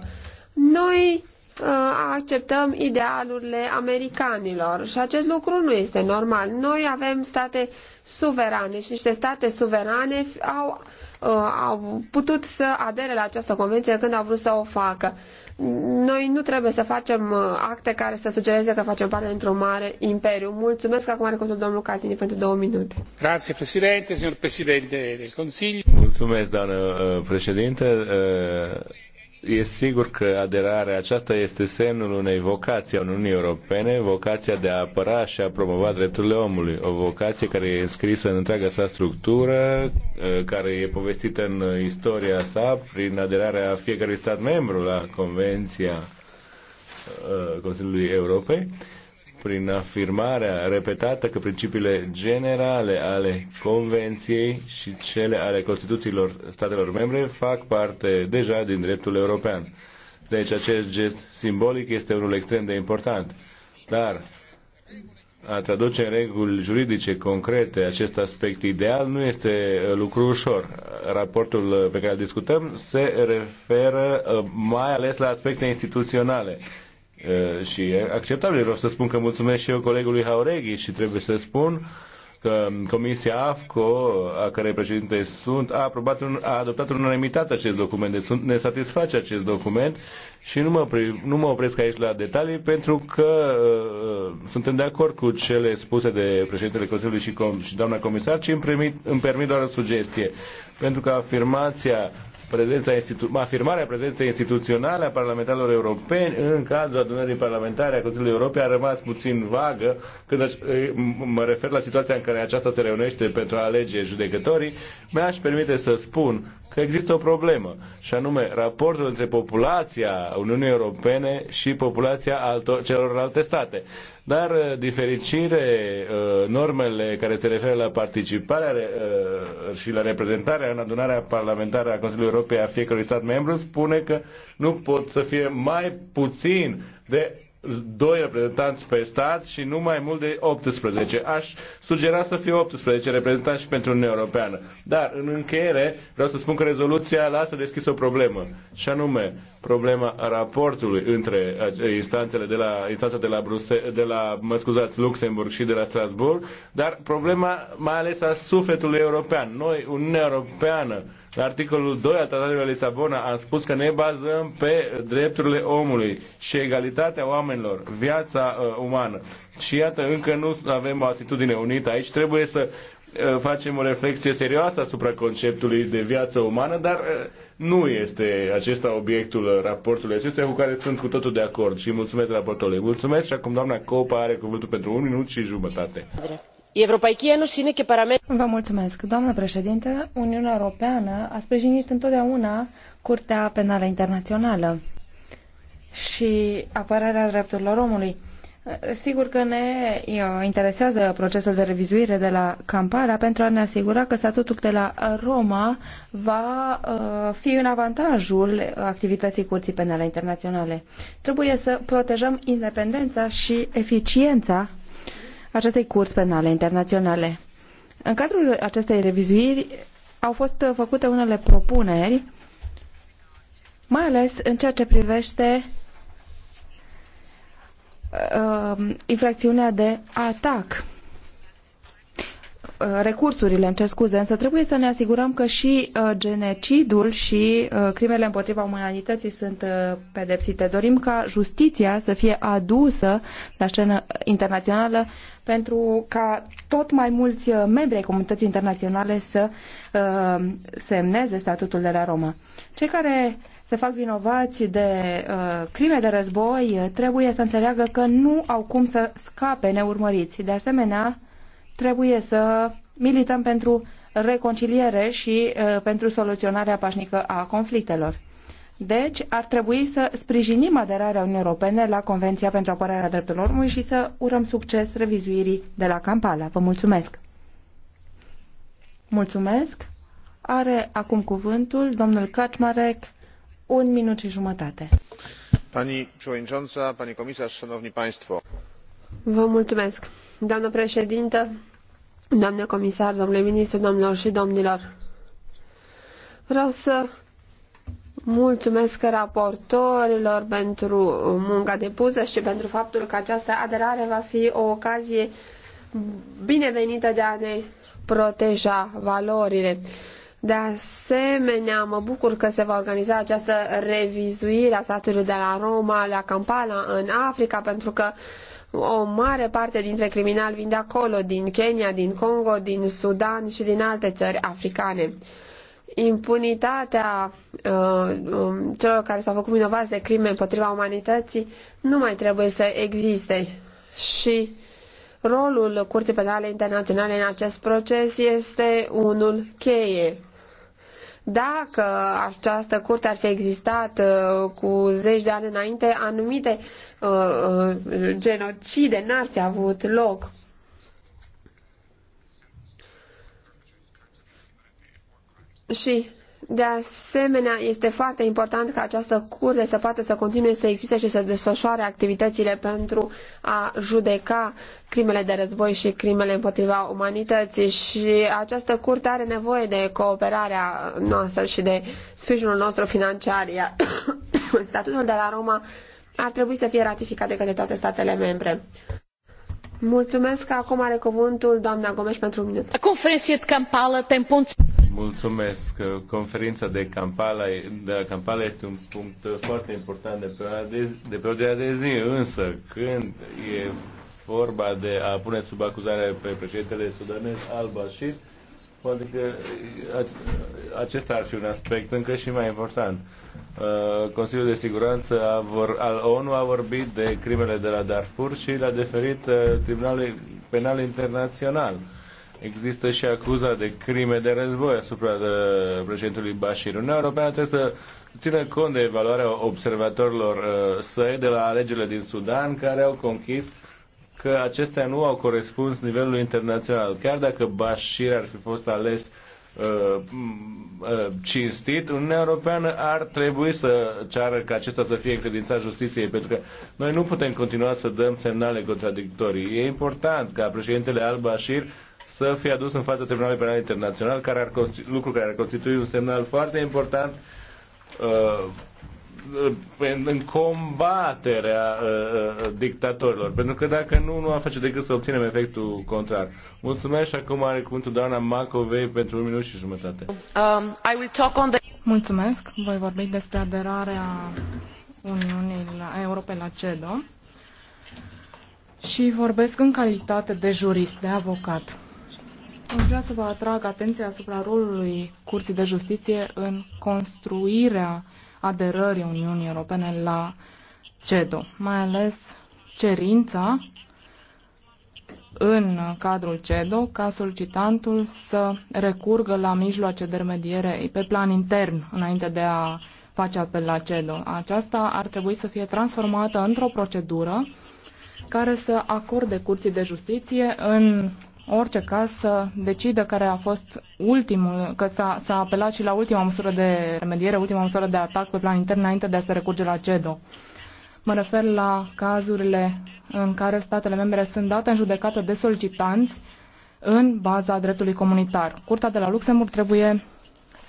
Noi uh, acceptăm idealurile americanilor și acest lucru nu este normal. Noi avem state suverane și niște state suverane au Uh, au putut să adere la această convenție când au vrut să o facă. Noi nu trebuie să facem uh, acte care să sugereze că facem parte dintr-un mare imperiu. Mulțumesc acum are cuvântul domnul Casini pentru două minute. Grazie, președinte, signor președinte del Consiliu. Mulțumesc, doamnă uh, președinte E sigur că aderarea aceasta este semnul unei vocații a Uniunii Europene, vocația de a apăra și a promova drepturile omului, o vocație care e înscrisă în întreaga sa structură, ă, care e povestită în istoria sa prin aderarea fiecărui stat membru la Convenția ă, Consiliului Europei prin afirmarea repetată că principiile generale ale Convenției și cele ale Constituțiilor statelor membre fac parte deja din dreptul european. Deci acest gest simbolic este unul extrem de important. Dar a traduce în reguli juridice concrete acest aspect ideal nu este uh, lucru ușor. Raportul uh, pe care îl discutăm se referă uh, mai ales la aspecte instituționale și e acceptabil. Vreau să spun că mulțumesc și eu colegului Haureghi și trebuie să spun că Comisia AFCO, a cărei președinte sunt, a, aprobat un, a adoptat în unanimitate acest document. Deci sunt, ne satisface acest document și nu mă, nu mă opresc aici la detalii pentru că uh, suntem de acord cu cele spuse de președintele Consiliului și, com, și doamna comisar, ci îmi, permit, îmi permit doar o sugestie. Pentru că afirmația prezența institu- afirmarea prezenței instituționale a parlamentarilor europeni în cadrul adunării parlamentare a Consiliului Europei a rămas puțin vagă când mă refer la situația în care aceasta se reunește pentru a alege judecătorii. Mi-aș permite să spun că există o problemă, și anume raportul între populația Uniunii Europene și populația altor, celorlalte state. Dar, uh, din fericire, uh, normele care se referă la participarea uh, și la reprezentarea în adunarea parlamentară a Consiliului Europei a fiecărui stat membru spune că nu pot să fie mai puțin de doi reprezentanți pe stat și nu mai mult de 18. Aș sugera să fie 18 reprezentanți și pentru Uniunea Europeană. Dar, în încheiere, vreau să spun că rezoluția lasă deschisă o problemă, și anume problema raportului între instanțele de la, instanța de la, Bruse, de la mă scuzați, Luxemburg și de la Strasburg, dar problema mai ales a sufletului european. Noi, Uniunea Europeană, la articolul 2 al Tratatului Lisabona am spus că ne bazăm pe drepturile omului și egalitatea oamenilor, viața uh, umană. Și iată, încă nu avem o atitudine unită aici. Trebuie să uh, facem o reflexie serioasă asupra conceptului de viață umană, dar uh, nu este acesta obiectul uh, raportului acestuia cu care sunt cu totul de acord. Și mulțumesc raportorului. Mulțumesc și acum doamna Copa are cuvântul pentru un minut și jumătate. Drept. Doamnă președinte, Uniunea Europeană a sprijinit întotdeauna Curtea Penală Internațională și apărarea drepturilor omului. Sigur că ne interesează procesul de revizuire de la Kampala pentru a ne asigura că statutul de la Roma va fi în avantajul activității Curții Penale Internaționale. Trebuie să protejăm independența și eficiența acestei curți penale internaționale. În cadrul acestei revizuiri au fost făcute unele propuneri, mai ales în ceea ce privește uh, infracțiunea de atac uh, recursurile, îmi cer scuze, însă trebuie să ne asigurăm că și uh, genocidul și uh, crimele împotriva umanității sunt uh, pedepsite. Dorim ca justiția să fie adusă la scenă internațională pentru ca tot mai mulți uh, membri ai comunității internaționale să uh, semneze statutul de la Roma. Cei care se fac vinovați de uh, crime de război uh, trebuie să înțeleagă că nu au cum să scape neurmăriți. De asemenea, trebuie să milităm pentru reconciliere și uh, pentru soluționarea pașnică a conflictelor. Deci, ar trebui să sprijinim aderarea Uniunii Europene la Convenția pentru apărarea drepturilor omului și să urăm succes revizuirii de la Kampala. Vă mulțumesc! Mulțumesc! Are acum cuvântul domnul Kaczmarek, un minut și jumătate. Pani przewodnicząca, pani komisarz, szanowni państwo. Vă mulțumesc. Doamnă președintă, doamnă comisar, domnule ministru, domnilor și domnilor. Vreau să Mulțumesc raportorilor pentru munca depusă și pentru faptul că această aderare va fi o ocazie binevenită de a ne proteja valorile. De asemenea, mă bucur că se va organiza această revizuire a statului de la Roma, la Kampala, în Africa, pentru că o mare parte dintre criminali vin de acolo, din Kenya, din Congo, din Sudan și din alte țări africane impunitatea uh, um, celor care s-au făcut vinovați de crime împotriva umanității nu mai trebuie să existe și rolul Curții Penale Internaționale în acest proces este unul cheie. Dacă această curte ar fi existat uh, cu zeci de ani înainte, anumite uh, uh genocide n-ar fi avut loc. Și, de asemenea, este foarte important ca această curte să poată să continue să existe și să desfășoare activitățile pentru a judeca crimele de război și crimele împotriva umanității și această curte are nevoie de cooperarea noastră și de sprijinul nostru financiar, [coughs] statutul de la Roma ar trebui să fie ratificat de către toate statele membre. Mulțumesc. Acum are cuvântul doamna Gomes pentru un minut. A conferință de Kampala tem punct. Mulțumesc. Conferința de Kampala, de la Kampala este un punct foarte important de pe, de, de pe ordinea de zi, însă când e vorba de a pune sub acuzare pe președintele sudanez al-Bashir, poate că acesta ar fi un aspect încă și mai important. Uh, Consiliul de Siguranță a vor, al ONU a vorbit de crimele de la Darfur și l-a deferit uh, Tribunalului Penal Internațional. Există și acuza de crime de război asupra de uh, președintelui Bashir. Uniunea Europeană trebuie să țină cont de evaluarea observatorilor uh, săi de la alegerile din Sudan, care au conchis că acestea nu au corespuns nivelului internațional. Chiar dacă Bashir ar fi fost ales uh, cinstit, Uniunea Europeană ar trebui să ceară ca acesta să fie încredințat justiției, pentru că noi nu putem continua să dăm semnale contradictorii. E important ca președintele al-Bashir să fie adus în fața Tribunalului Penal Internațional, care ar lucru care ar constitui un semnal foarte important uh, în combaterea uh, uh, dictatorilor. Pentru că dacă nu, nu am face decât să obținem efectul contrar. Mulțumesc și acum are cuvântul doamna Macovei pentru un minut și jumătate. Um, I will talk on the... Mulțumesc. Voi vorbi despre aderarea Uniunii Europei la CEDO și vorbesc în calitate de jurist, de avocat. Aș vrea să vă atrag atenția asupra rolului Curții de Justiție în construirea aderării Uniunii Europene la CEDO, mai ales cerința în cadrul CEDO ca solicitantul să recurgă la mijloace de remediere pe plan intern înainte de a face apel la CEDO. Aceasta ar trebui să fie transformată într-o procedură care să acorde curții de justiție în orice caz să decidă care a fost ultimul, că s-a, s-a apelat și la ultima măsură de remediere, ultima măsură de atac pe plan intern înainte de a se recurge la CEDO. Mă refer la cazurile în care statele membre sunt date în judecată de solicitanți în baza dreptului comunitar. Curtea de la Luxemburg trebuie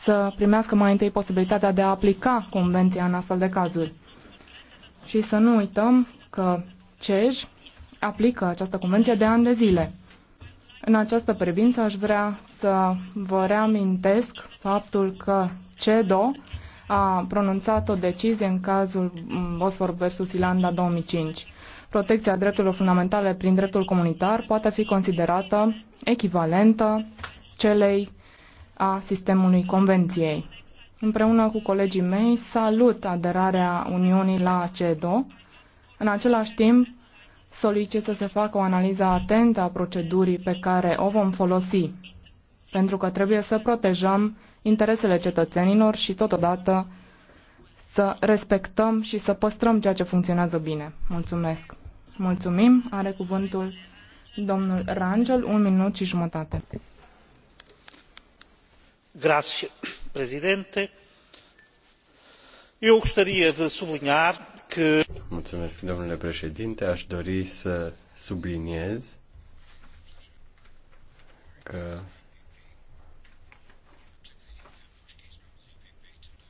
să primească mai întâi posibilitatea de a aplica convenția în astfel de cazuri. Și să nu uităm că CEJ aplică această convenție de ani de zile. În această privință aș vrea să vă reamintesc faptul că CEDO a pronunțat o decizie în cazul Bosfor versus Ilanda 2005. Protecția drepturilor fundamentale prin dreptul comunitar poate fi considerată echivalentă celei a sistemului convenției. Împreună cu colegii mei salut aderarea Uniunii la CEDO. În același timp, solicit să se facă o analiză atentă a procedurii pe care o vom folosi, pentru că trebuie să protejăm interesele cetățenilor și totodată să respectăm și să păstrăm ceea ce funcționează bine. Mulțumesc! Mulțumim! Are cuvântul domnul Rangel, un minut și jumătate. Grazie, președinte. Eu gostaria de subliniez. Mulțumesc, domnule președinte. Aș dori să subliniez că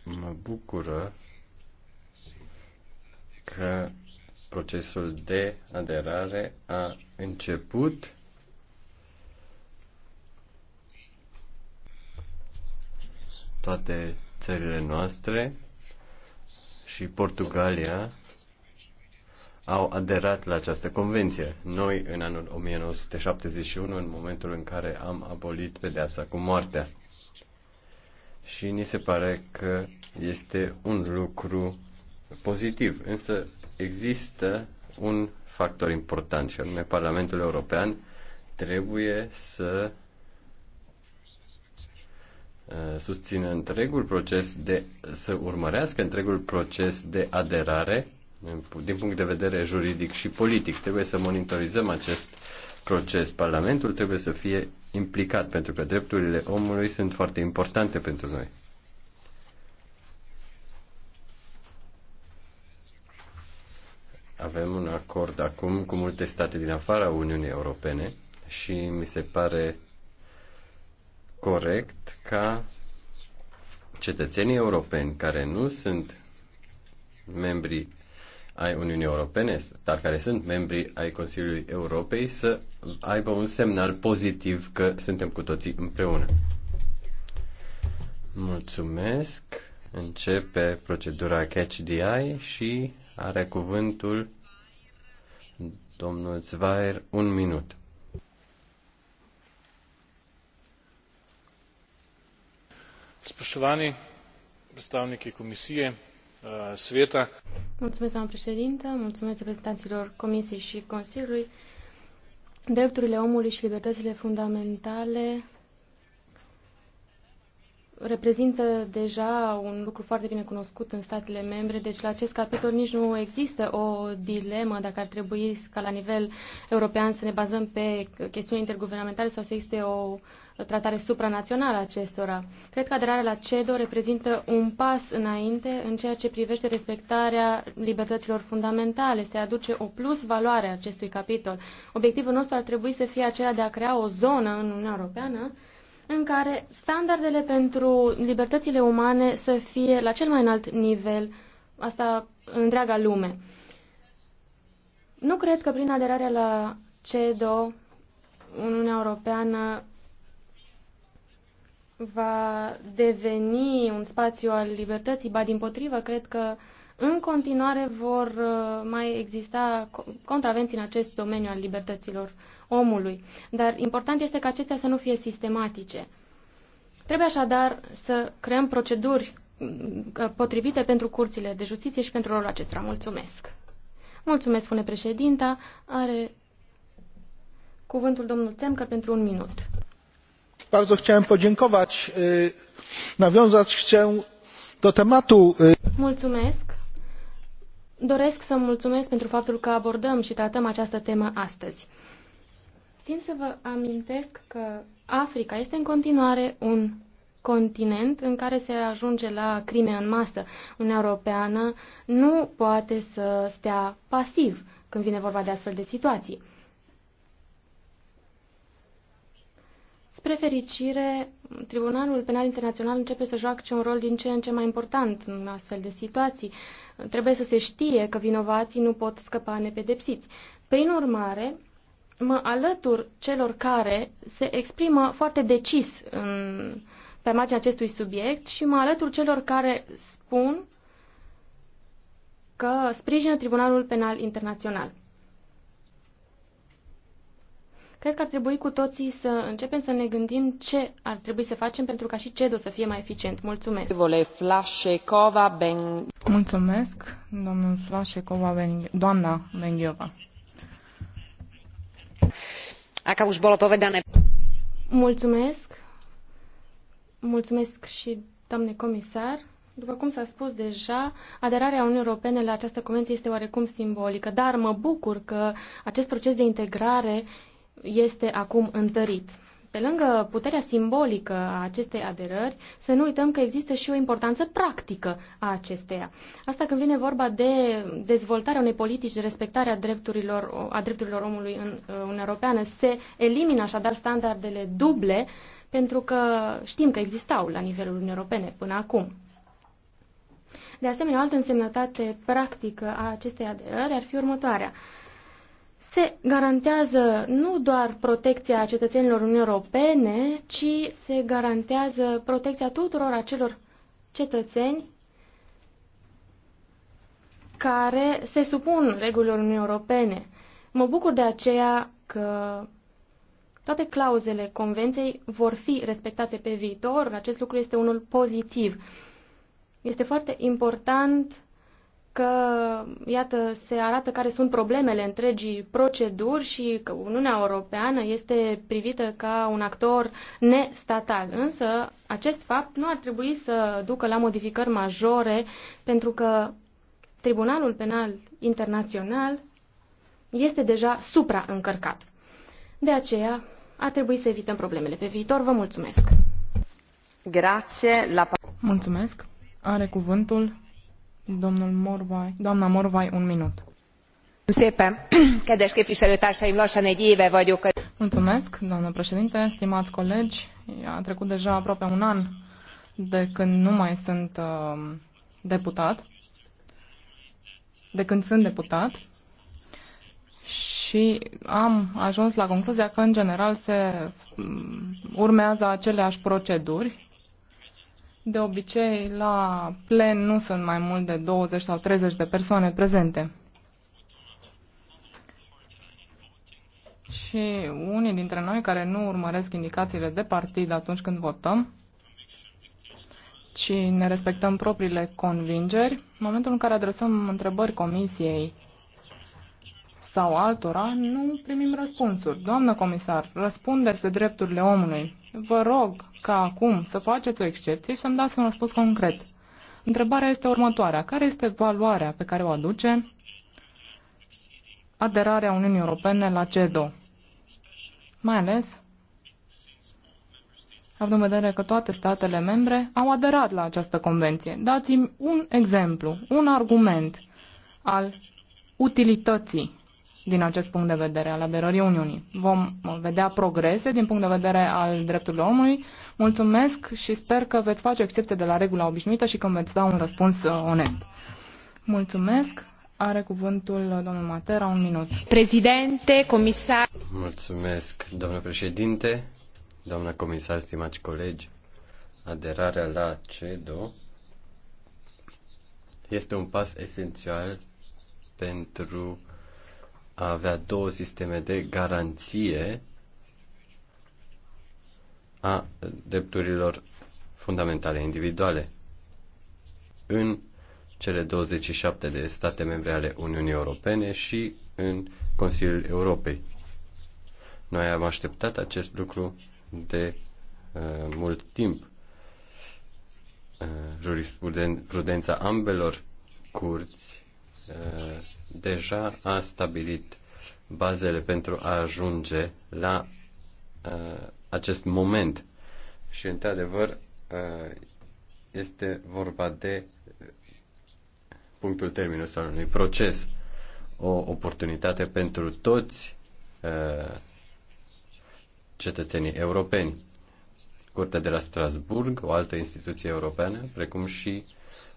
mă bucură că procesul de aderare a început toate țările noastre și Portugalia au aderat la această convenție. Noi, în anul 1971, în momentul în care am abolit pedeapsa cu moartea. Și ni se pare că este un lucru pozitiv. Însă există un factor important și anume Parlamentul European trebuie să Eh, susțină întregul proces de, să urmărească întregul proces de aderare din punct de vedere juridic și politic. Trebuie să monitorizăm acest proces. Parlamentul trebuie să fie implicat pentru că drepturile omului sunt foarte importante pentru noi. Avem un acord acum cu multe state din afara Uniunii Europene și mi se pare corect ca cetățenii europeni care nu sunt membri ai Uniunii Europene, dar care sunt membri ai Consiliului Europei, să aibă un semnal pozitiv că suntem cu toții împreună. Mulțumesc. Începe procedura Catch the Eye și are cuvântul domnul Zvair un minut. spoštovani predstavniki komisije eh, sveta mulțumesc doamnă președintă mulțumesc reprezentanților comisiei și consiliului drepturile omului și libertățile fundamentale reprezintă deja un lucru foarte bine cunoscut în statele membre, deci la acest capitol nici nu există o dilemă dacă ar trebui ca la nivel european să ne bazăm pe chestiuni interguvernamentale sau să existe o tratare supranațională acestora. Cred că aderarea la CEDO reprezintă un pas înainte în ceea ce privește respectarea libertăților fundamentale. Se aduce o plus valoare acestui capitol. Obiectivul nostru ar trebui să fie acela de a crea o zonă în Uniunea Europeană în care standardele pentru libertățile umane să fie la cel mai înalt nivel, asta în întreaga lume. Nu cred că prin aderarea la CEDO, Uniunea Europeană va deveni un spațiu al libertății, ba din potrivă, cred că uh, în continuare vor uh, mai exista contravenții în acest domeniu al libertăților omului, dar important este ca acestea să nu fie sistematice. Trebuie așadar să creăm proceduri mm, uh, potrivite pentru curțile de justiție și pentru rolul acestora. Mulțumesc! Mulțumesc, spune președinta. Are cuvântul domnul Țemcăr pentru un minut. Bardzo chciałem podziękować. Nawiązać chcę do tematu. Mulțumesc. Doresc să mulțumesc pentru faptul că abordăm și tratăm această temă astăzi. Țin să vă amintesc că Africa este în continuare un continent în care se ajunge la crime în masă. Uniunea Europeană nu poate să stea pasiv când vine vorba de astfel de situații. Spre fericire, Tribunalul Penal Internațional începe să joace un rol din ce în ce mai important în astfel de situații. Trebuie să se știe că vinovații nu pot scăpa nepedepsiți. Prin urmare, mă alătur celor care se exprimă foarte decis în, pe marginea acestui subiect și mă alătur celor care spun că sprijină Tribunalul Penal Internațional. Cred că ar trebui cu toții să începem să ne gândim ce ar trebui să facem pentru ca și CEDO să fie mai eficient. Mulțumesc! Mulțumesc, domnul Flașecova, doamna Bengiova. Aca už bolo povedané. Mulțumesc. Mulțumesc și doamne comisar. După cum s-a spus deja, aderarea Uniunii Europene la această convenție este oarecum simbolică, dar mă bucur că acest proces de integrare este acum întărit. Pe lângă puterea simbolică a acestei aderări, să nu uităm că există și o importanță practică a acesteia. Asta când vine vorba de dezvoltarea unei politici de respectare a drepturilor, a drepturilor omului în uh, Uniunea Europeană. Se elimină așadar standardele duble, pentru că știm că existau la nivelul Uniunii Europene până acum. De asemenea, o altă însemnătate practică a acestei aderări ar fi următoarea se garantează nu doar protecția cetățenilor Uniunii Europene, ci se garantează protecția tuturor acelor cetățeni care se supun regulilor Uniunii Europene. Mă bucur de aceea că toate clauzele convenției vor fi respectate pe viitor. Acest lucru este unul pozitiv. Este foarte important că, iată, se arată care sunt problemele întregii proceduri și că Uniunea Europeană este privită ca un actor nestatal. Însă, acest fapt nu ar trebui să ducă la modificări majore, pentru că Tribunalul Penal Internațional este deja supraîncărcat. De aceea, ar trebui să evităm problemele pe viitor. Vă mulțumesc! Grație la... Mulțumesc! Are cuvântul Domnul Morvai, doamna Morvai, un minut. Szépen, [clears throat] kedves képviselőtársaim, lassan egy éve vagyok. Mulțumesc, doamnă președinte, stimați colegi. A trecut deja aproape un an de când nu mai sunt uh, deputat, de când sunt deputat și am ajuns la concluzia că, în general, se mm, urmează aceleași proceduri de obicei, la plen nu sunt mai mult de 20 sau 30 de persoane prezente. Și unii dintre noi care nu urmăresc indicațiile de partid atunci când votăm, ci ne respectăm propriile convingeri, în momentul în care adresăm întrebări comisiei sau altora, nu primim răspunsuri. Doamnă comisar, răspundeți de drepturile omului vă rog ca acum să faceți o excepție și să-mi dați un răspuns concret. Întrebarea este următoarea. Care este valoarea pe care o aduce aderarea Uniunii Europene la CEDO? Mai ales având în vedere că toate statele membre au aderat la această convenție. Dați-mi un exemplu, un argument al utilității din acest punct de vedere al aderării Uniunii. Vom vedea progrese din punct de vedere al drepturilor omului. Mulțumesc și sper că veți face o excepție de la regula obișnuită și că veți da un răspuns uh, onest. Mulțumesc. Are cuvântul uh, domnul Matera, un minut. Președinte, comisar. Mulțumesc, domnule președinte, doamna comisar, stimați colegi. Aderarea la CEDO este un pas esențial pentru a avea două sisteme de garanție a drepturilor fundamentale individuale în cele 27 de state membre ale Uniunii Europene și în Consiliul Europei. Noi am așteptat acest lucru de uh, mult timp. Uh, jurisprudența ambelor curți deja a stabilit bazele pentru a ajunge la uh, acest moment. Și, într-adevăr, uh, este vorba de punctul terminus al unui proces, o oportunitate pentru toți uh, cetățenii europeni. Curtea de la Strasburg, o altă instituție europeană, precum și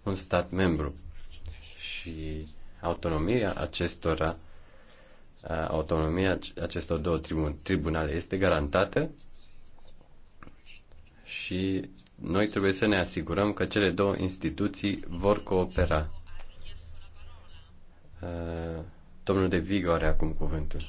un stat membru. Și Autonomia acestora, uh, autonomia acestor două tribunale este garantată și noi trebuie să ne asigurăm că cele două instituții vor coopera. Uh, domnul De Vigo are acum cuvântul.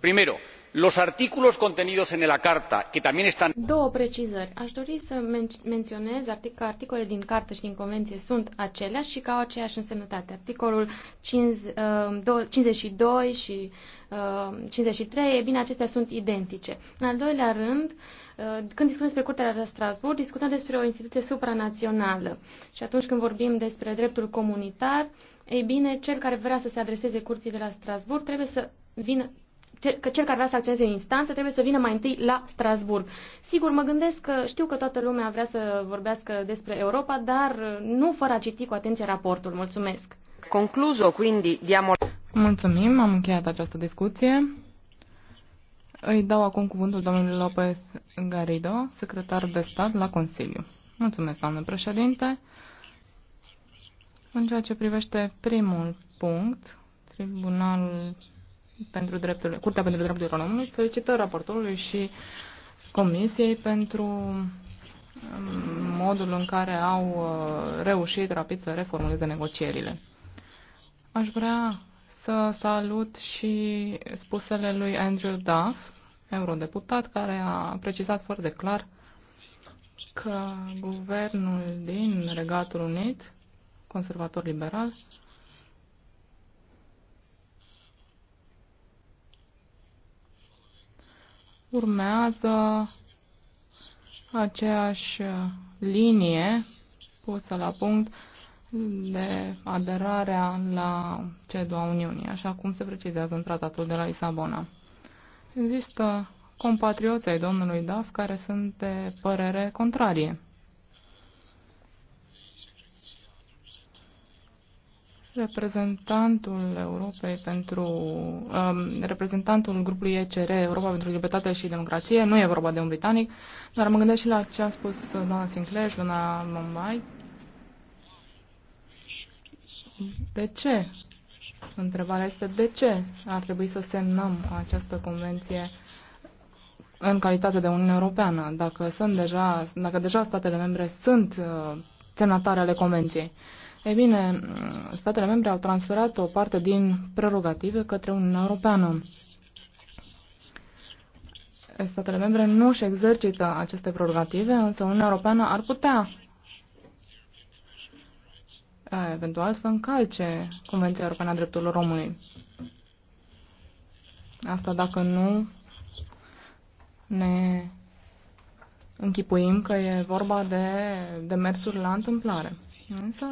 Primero, los artículos contenidos en la carta que también están. Două precizări. Aș dori să men- menționez că articole din carte și din convenție sunt aceleași și că au aceeași însemnătate. Articolul 52 uh, și 53, uh, e bine, acestea sunt identice. În al doilea rând, uh, când discutăm despre Curtea de la Strasbourg, discutăm despre o instituție supranațională. Și atunci când vorbim despre dreptul comunitar, ei bine, cel care vrea să se adreseze Curții de la Strasbourg trebuie să vină că cel care vrea să acționeze în instanță trebuie să vină mai întâi la Strasburg. Sigur, mă gândesc că știu că toată lumea vrea să vorbească despre Europa, dar nu fără a citi cu atenție raportul. Mulțumesc! Concluzo, quindi, diamo... Mulțumim, am încheiat această discuție. Îi dau acum cuvântul domnului López Garrido, secretar de stat la Consiliu. Mulțumesc, doamne președinte. În ceea ce privește primul punct, Tribunalul pentru drepturile, Curtea pentru Drepturile Omului. felicită raportorului și Comisiei pentru um, modul în care au uh, reușit rapid să reformuleze negocierile. Aș vrea să salut și spusele lui Andrew Duff, eurodeputat, care a precizat foarte clar că guvernul din Regatul Unit, conservator liberal, urmează aceeași linie pusă la punct de aderarea la CEDUA Uniunii, așa cum se precizează în tratatul de la Lisabona. Există compatrioți ai domnului Daf care sunt de părere contrarie. Reprezentantul Europei pentru um, reprezentantul grupului ECR Europa pentru Libertate și Democrație, nu e vorba de un britanic, dar mă gândesc și la ce a spus doamna Sinclair și doamna Mumbai. De ce? Întrebarea este de ce ar trebui să semnăm această convenție în calitate de Uniune Europeană, dacă sunt deja, dacă deja statele membre sunt uh, semnatare ale convenției. Ei bine, statele membre au transferat o parte din prerogative către Uniunea Europeană. Statele membre nu își exercită aceste prerogative, însă Uniunea Europeană ar putea eventual să încalce Convenția Europeană a Drepturilor Omului. Asta dacă nu ne închipuim că e vorba de demersuri la întâmplare. Însă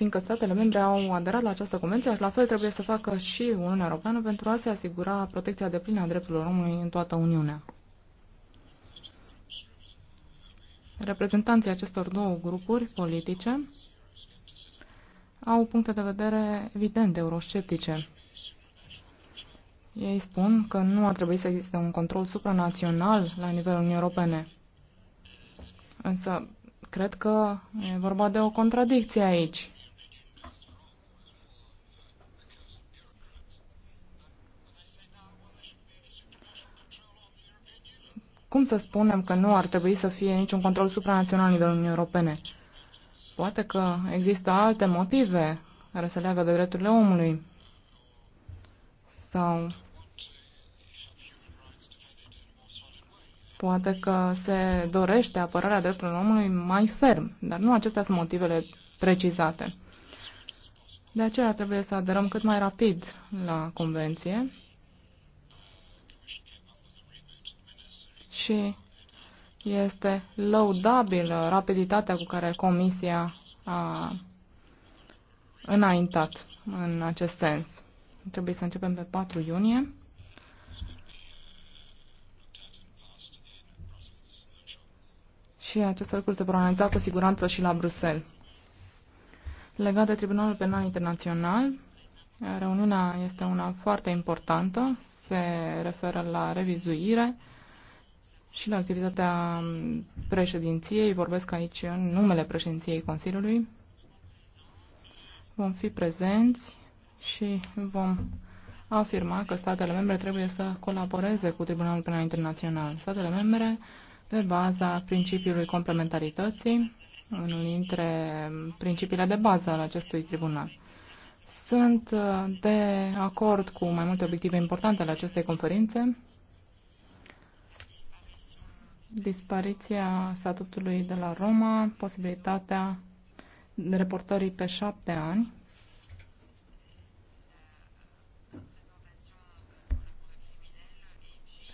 fiindcă statele membre au aderat la această convenție, la fel trebuie să facă și Uniunea Europeană pentru a se asigura protecția de plină a drepturilor omului în toată Uniunea. Reprezentanții acestor două grupuri politice au puncte de vedere evident eurosceptice. Ei spun că nu ar trebui să existe un control supranațional la nivelul Uniunii Europene. Însă, cred că e vorba de o contradicție aici. Cum să spunem că nu ar trebui să fie niciun control supranațional la nivelul Uniunii Europene? Poate că există alte motive care se leagă de drepturile omului sau Poate că se dorește apărarea drepturilor omului mai ferm, dar nu acestea sunt motivele precizate. De aceea trebuie să aderăm cât mai rapid la convenție și este laudabilă rapiditatea cu care Comisia a înaintat în acest sens. Trebuie să începem pe 4 iunie. Și acest lucru se va cu siguranță și la Bruxelles. Legat de Tribunalul Penal Internațional, reuniunea este una foarte importantă, se referă la revizuire, și la activitatea președinției, vorbesc aici în numele președinției Consiliului. Vom fi prezenți și vom afirma că statele membre trebuie să colaboreze cu Tribunalul Penal Internațional. Statele membre, pe baza principiului complementarității, unul dintre principiile de bază al acestui tribunal. Sunt uh, de acord cu mai multe obiective importante ale acestei conferințe, dispariția statutului de la Roma, posibilitatea reportării pe șapte ani,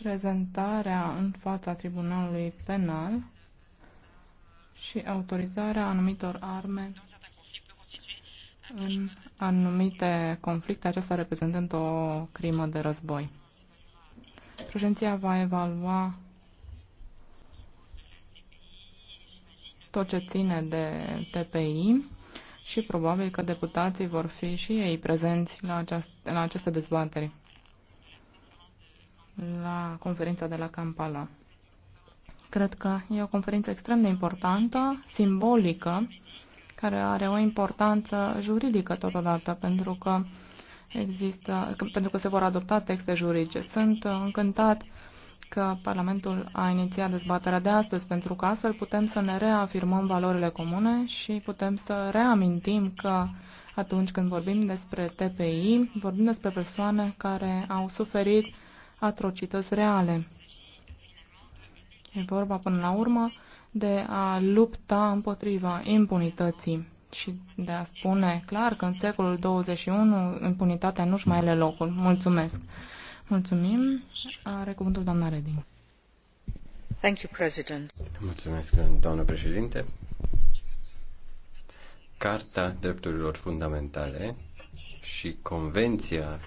prezentarea în fața tribunalului penal și autorizarea anumitor arme în anumite conflicte, aceasta reprezentând o crimă de război. Președinția va evalua tot ce ține de TPI și probabil că deputații vor fi și ei prezenți la, aceast, la aceste dezbateri, la conferința de la Kampala. Cred că e o conferință extrem de importantă, simbolică, care are o importanță juridică totodată, pentru că există, pentru că se vor adopta texte juridice. Sunt încântat că Parlamentul a inițiat dezbaterea de astăzi, pentru că astfel putem să ne reafirmăm valorile comune și putem să reamintim că atunci când vorbim despre TPI, vorbim despre persoane care au suferit atrocități reale. E vorba până la urmă de a lupta împotriva impunității și de a spune clar că în secolul 21 impunitatea nu-și mai are locul. Mulțumesc! Mulțumim. Are cuvântul doamna Reding. Thank you, President. Mulțumesc, doamnă președinte. Carta Drepturilor Fundamentale și Convenția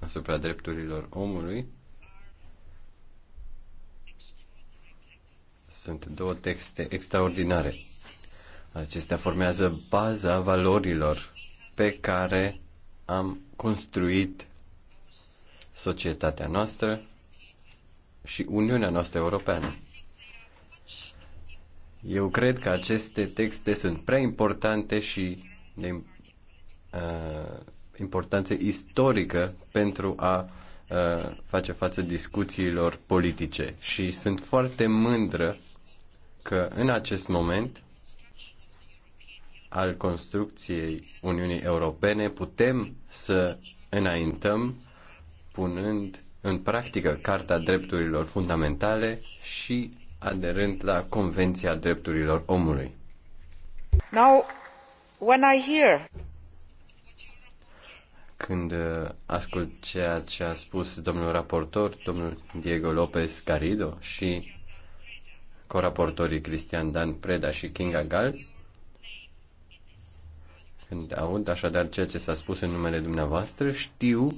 asupra drepturilor omului sunt două texte extraordinare. Acestea formează baza valorilor pe care am construit societatea noastră și Uniunea noastră europeană. Eu cred că aceste texte sunt prea importante și de uh, importanță istorică pentru a uh, face față discuțiilor politice și sunt foarte mândră că în acest moment al construcției Uniunii Europene putem să înaintăm punând în practică Carta Drepturilor Fundamentale și aderând la Convenția Drepturilor Omului. Now, when I hear... Când uh, ascult ceea ce a spus domnul raportor, domnul Diego López Garrido și coraportorii Cristian Dan Preda și Kinga Gal, când aud așadar ceea ce s-a spus în numele dumneavoastră, știu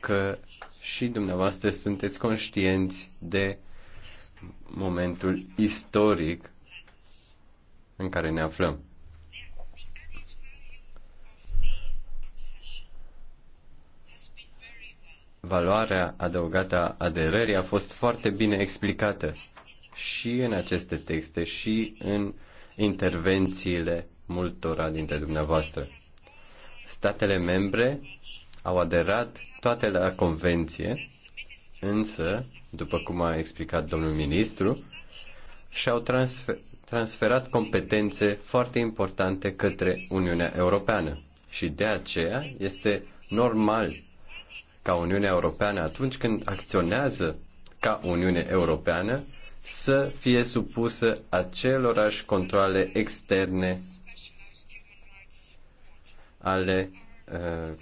că și dumneavoastră sunteți conștienți de momentul istoric în care ne aflăm. Valoarea adăugată a aderării a fost foarte bine explicată și în aceste texte și în intervențiile multora dintre dumneavoastră. Statele membre au aderat toate la convenție, însă, după cum a explicat domnul ministru, și-au transfer, transferat competențe foarte importante către Uniunea Europeană. Și de aceea este normal ca Uniunea Europeană, atunci când acționează ca Uniune Europeană, să fie supusă acelorași controle externe ale Uh,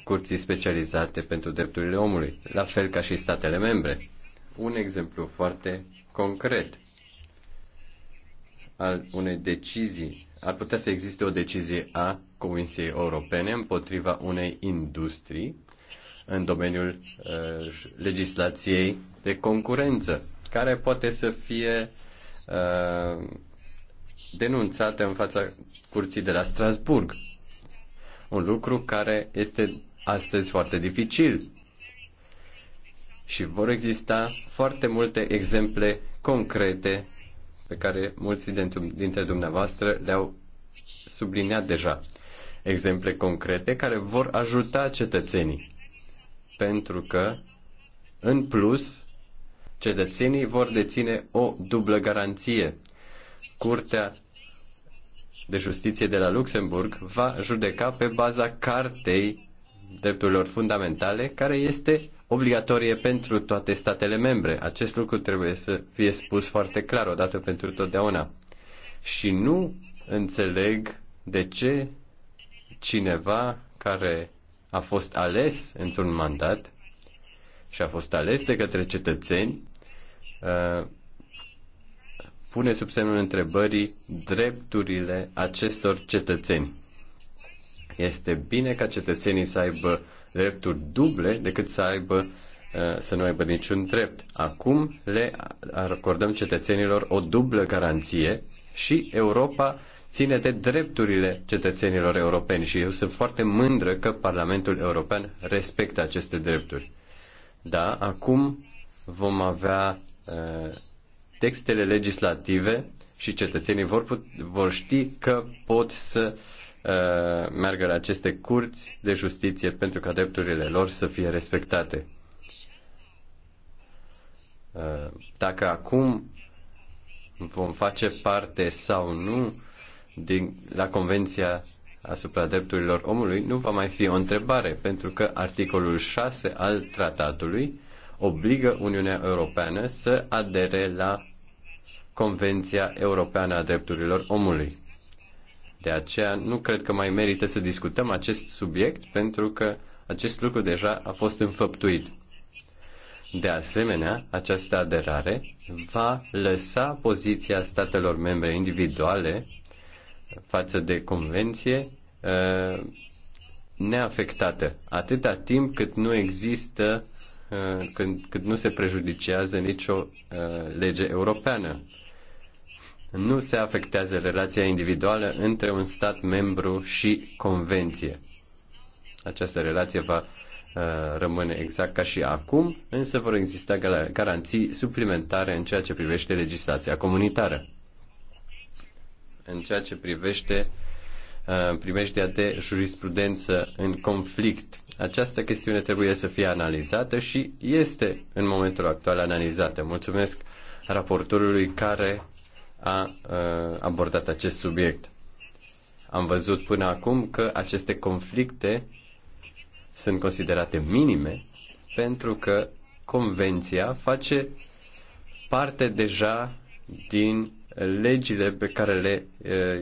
curții specializate pentru drepturile omului, la fel ca și statele membre. Un exemplu foarte concret al unei decizii, ar putea să existe o decizie a Comisiei Europene împotriva unei industrii în domeniul uh, legislației de concurență, care poate să fie uh, denunțată în fața curții de la Strasburg un lucru care este astăzi foarte dificil. Și vor exista foarte multe exemple concrete pe care mulți dintre dumneavoastră le-au subliniat deja. Exemple concrete care vor ajuta cetățenii. Pentru că, în plus, cetățenii vor deține o dublă garanție. Curtea de Justiție de la Luxemburg va judeca pe baza Cartei Drepturilor Fundamentale, care este obligatorie pentru toate statele membre. Acest lucru trebuie să fie spus foarte clar odată pentru totdeauna. Și nu înțeleg de ce cineva care a fost ales într-un mandat și a fost ales de către cetățeni uh, pune sub semnul întrebării drepturile acestor cetățeni. Este bine ca cetățenii să aibă drepturi duble decât să aibă uh, să nu aibă niciun drept. Acum le acordăm cetățenilor o dublă garanție și Europa ține de drepturile cetățenilor europeni și eu sunt foarte mândră că Parlamentul European respectă aceste drepturi. Da, acum vom avea uh, textele legislative și cetățenii vor, put, vor ști că pot să uh, meargă la aceste curți de justiție pentru ca drepturile lor să fie respectate. Uh, dacă acum vom face parte sau nu din, la Convenția asupra drepturilor omului, nu va mai fi o întrebare, pentru că articolul 6 al tratatului obligă Uniunea Europeană să adere la Convenția Europeană a Drepturilor Omului. De aceea nu cred că mai merită să discutăm acest subiect pentru că acest lucru deja a fost înfăptuit. De asemenea, această aderare va lăsa poziția statelor membre individuale față de convenție uh, neafectată, atâta timp cât nu există, uh, cât nu se prejudicează nicio uh, lege europeană nu se afectează relația individuală între un stat membru și convenție. Această relație va uh, rămâne exact ca și acum, însă vor exista garanții suplimentare în ceea ce privește legislația comunitară. În ceea ce privește uh, primejdea de jurisprudență în conflict. Această chestiune trebuie să fie analizată și este în momentul actual analizată. Mulțumesc raportorului care a abordat acest subiect. Am văzut până acum că aceste conflicte sunt considerate minime pentru că convenția face parte deja din legile pe care le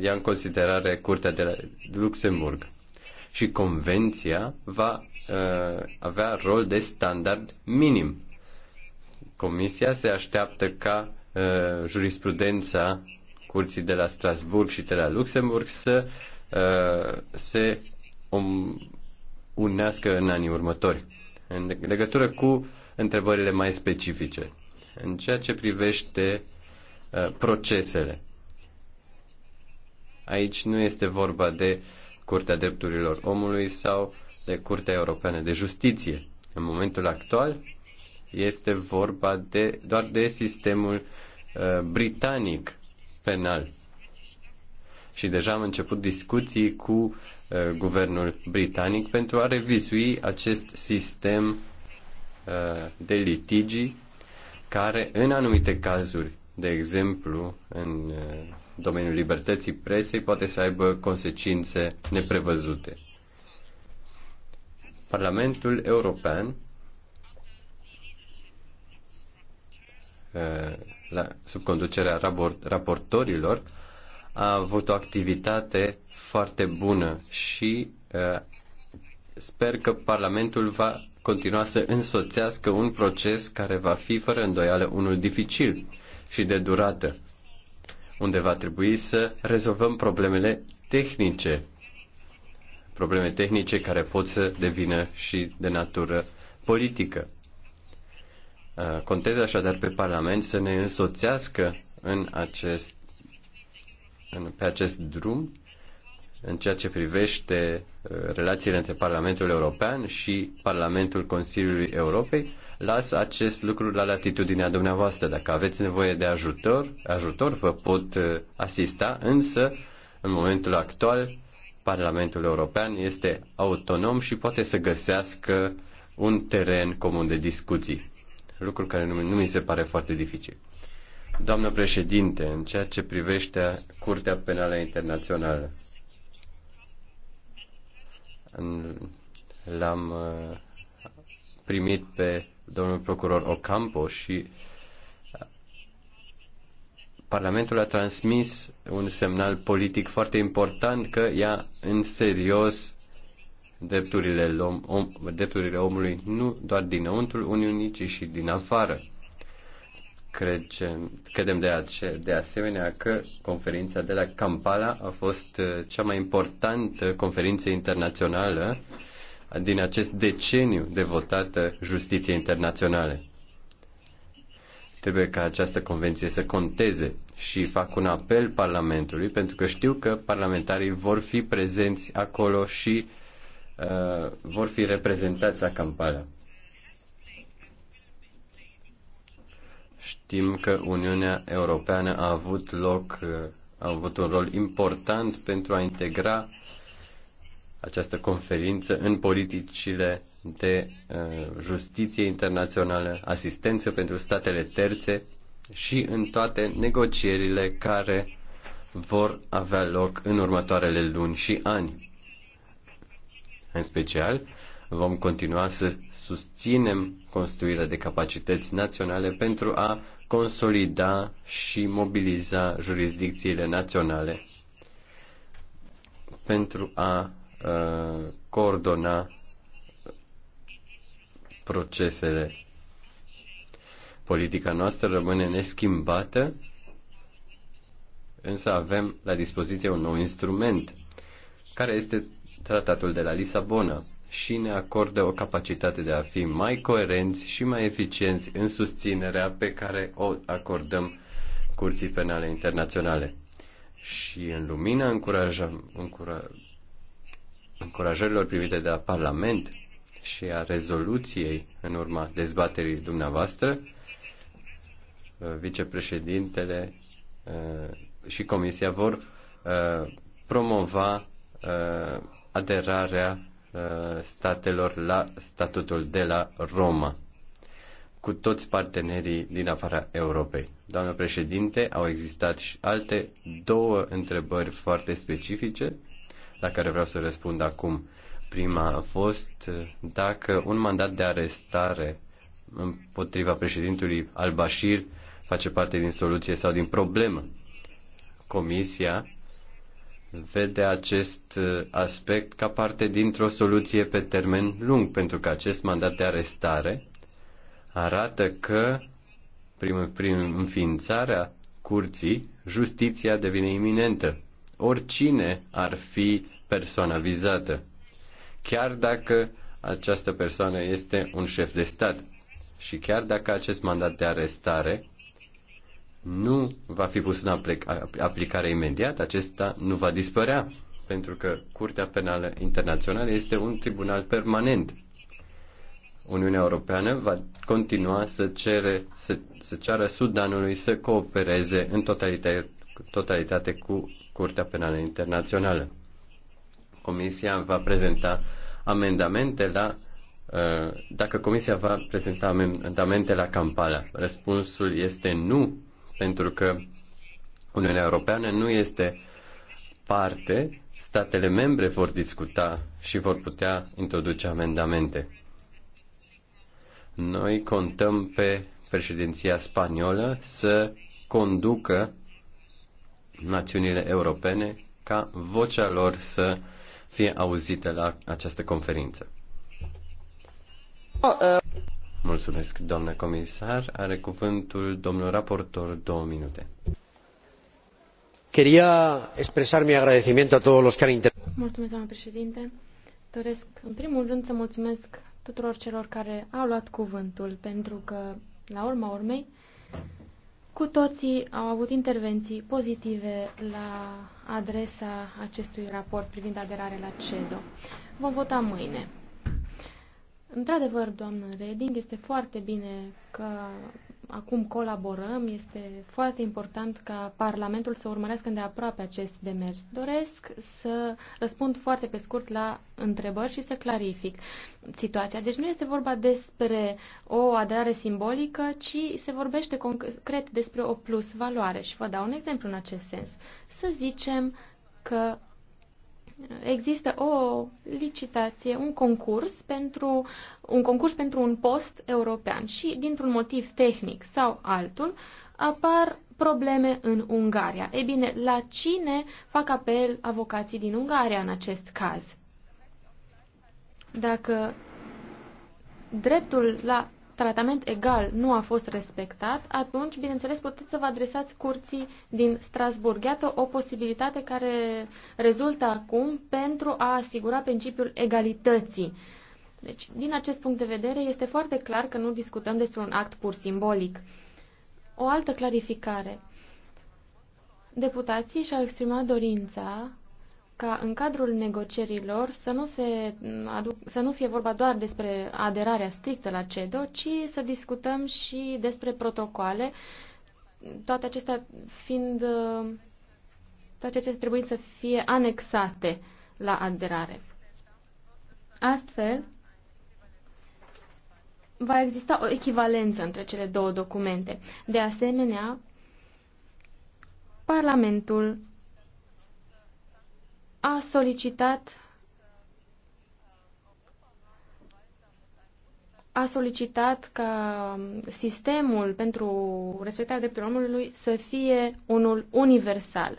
ia în considerare Curtea de la Luxemburg. Și convenția va avea rol de standard minim. Comisia se așteaptă ca Uh, jurisprudența curții de la Strasburg și de la Luxemburg să uh, se unească în anii următori. În legătură cu întrebările mai specifice, în ceea ce privește uh, procesele, aici nu este vorba de Curtea Drepturilor Omului sau de Curtea Europeană de Justiție. În momentul actual este vorba de, doar de sistemul uh, Uh, britanic penal. Și deja am început discuții cu uh, guvernul britanic pentru a revizui acest sistem uh, de litigii care, în anumite cazuri, de exemplu, în uh, domeniul libertății presei, poate să aibă consecințe neprevăzute. Parlamentul European uh, la, sub conducerea raport, raportorilor, a avut o activitate foarte bună și uh, sper că Parlamentul va continua să însoțească un proces care va fi fără îndoială unul dificil și de durată, unde va trebui să rezolvăm problemele tehnice, probleme tehnice care pot să devină și de natură politică. Uh, contez așadar pe Parlament să ne însoțească în acest, în, pe acest drum în ceea ce privește uh, relațiile între Parlamentul European și Parlamentul Consiliului Europei. Las acest lucru la latitudinea dumneavoastră. Dacă aveți nevoie de ajutor, ajutor vă pot uh, asista, însă în momentul actual Parlamentul European este autonom și poate să găsească un teren comun de discuții lucru care nu, nu mi se pare foarte dificil. Doamnă președinte, în ceea ce privește Curtea Penală Internațională, l-am uh, primit pe domnul procuror Ocampo și uh, Parlamentul a transmis un semnal politic foarte important că ia în serios drepturile, om, om, drepturile omului nu doar dinăuntru Uniunii, ci și din afară. Credem, credem de, ace, de asemenea că conferința de la Kampala a fost uh, cea mai importantă conferință internațională din acest deceniu de votată justiție internaționale. Trebuie ca această convenție să conteze și fac un apel Parlamentului pentru că știu că parlamentarii vor fi prezenți acolo și uh, Uh, vor fi reprezentați la Kampala. Știm că Uniunea Europeană a avut loc, uh, a avut un rol important pentru a integra această conferință în politicile de uh, justiție internațională, asistență pentru statele terțe și în toate negocierile care vor avea loc în următoarele luni și ani. În special, vom continua să susținem construirea de capacități naționale pentru a consolida și mobiliza jurisdicțiile naționale pentru a uh, coordona procesele. Politica noastră rămâne neschimbată, însă avem la dispoziție un nou instrument care este tratatul de la Lisabona și ne acordă o capacitate de a fi mai coerenți și mai eficienți în susținerea pe care o acordăm Curții Penale Internaționale. Și în lumina încurajăm, încura, încurajărilor privite de la Parlament și a rezoluției în urma dezbaterii dumneavoastră, uh, vicepreședintele uh, și Comisia vor uh, promova aderarea uh, statelor la statutul de la Roma cu toți partenerii din afara Europei. Doamnă președinte, au existat și alte două întrebări foarte specifice la care vreau să răspund acum. Prima a fost uh, dacă un mandat de arestare împotriva președintului al-Bashir face parte din soluție sau din problemă. Comisia vede acest uh, aspect ca parte dintr-o soluție pe termen lung, pentru că acest mandat de arestare arată că prin, prin înființarea curții, justiția devine iminentă. Oricine ar fi persoana vizată, chiar dacă această persoană este un șef de stat și chiar dacă acest mandat de arestare nu va fi pus în aplicare imediat, acesta nu va dispărea, pentru că Curtea Penală Internațională este un tribunal permanent. Uniunea Europeană va continua să, cere, să, să ceară Sudanului să coopereze în totalitate, totalitate cu Curtea Penală Internațională. Comisia va prezenta amendamente la uh, dacă Comisia va prezenta amendamente la Kampala. Răspunsul este nu pentru că Uniunea Europeană nu este parte, statele membre vor discuta și vor putea introduce amendamente. Noi contăm pe președinția spaniolă să conducă națiunile europene ca vocea lor să fie auzită la această conferință. Oh, uh, Mulțumesc, doamnă comisar. Are cuvântul domnul raportor două minute. Quería expresar mi agradecimiento a todos los que han intervenido. Mulțumesc, doamnă președinte. Doresc, în primul rând, să mulțumesc tuturor celor care au luat cuvântul, pentru că, la urma urmei, cu toții au avut intervenții pozitive la adresa acestui raport privind aderarea la CEDO. Vom vota mâine. Într-adevăr, doamnă Reding, este foarte bine că acum colaborăm. Este foarte important ca Parlamentul să urmărească îndeaproape acest demers. Doresc să răspund foarte pe scurt la întrebări și să clarific situația. Deci nu este vorba despre o aderare simbolică, ci se vorbește concret despre o plus valoare. Și vă dau un exemplu în acest sens. Să zicem că există o licitație, un concurs pentru un concurs pentru un post european și dintr-un motiv tehnic sau altul apar probleme în Ungaria. E bine, la cine fac apel avocații din Ungaria în acest caz? Dacă dreptul la tratament egal nu a fost respectat, atunci, bineînțeles, puteți să vă adresați curții din Strasburg. Iată o posibilitate care rezultă acum pentru a asigura principiul egalității. Deci, din acest punct de vedere, este foarte clar că nu discutăm despre un act pur simbolic. O altă clarificare. Deputații și-au exprimat dorința ca în cadrul negocierilor să nu, se aduc, să nu fie vorba doar despre aderarea strictă la CEDO, ci să discutăm și despre protocoale, toate acestea fiind toate acestea trebuie să fie anexate la aderare. Astfel, va exista o echivalență între cele două documente. De asemenea, Parlamentul a solicitat a solicitat ca sistemul pentru respectarea drepturilor omului să fie unul universal.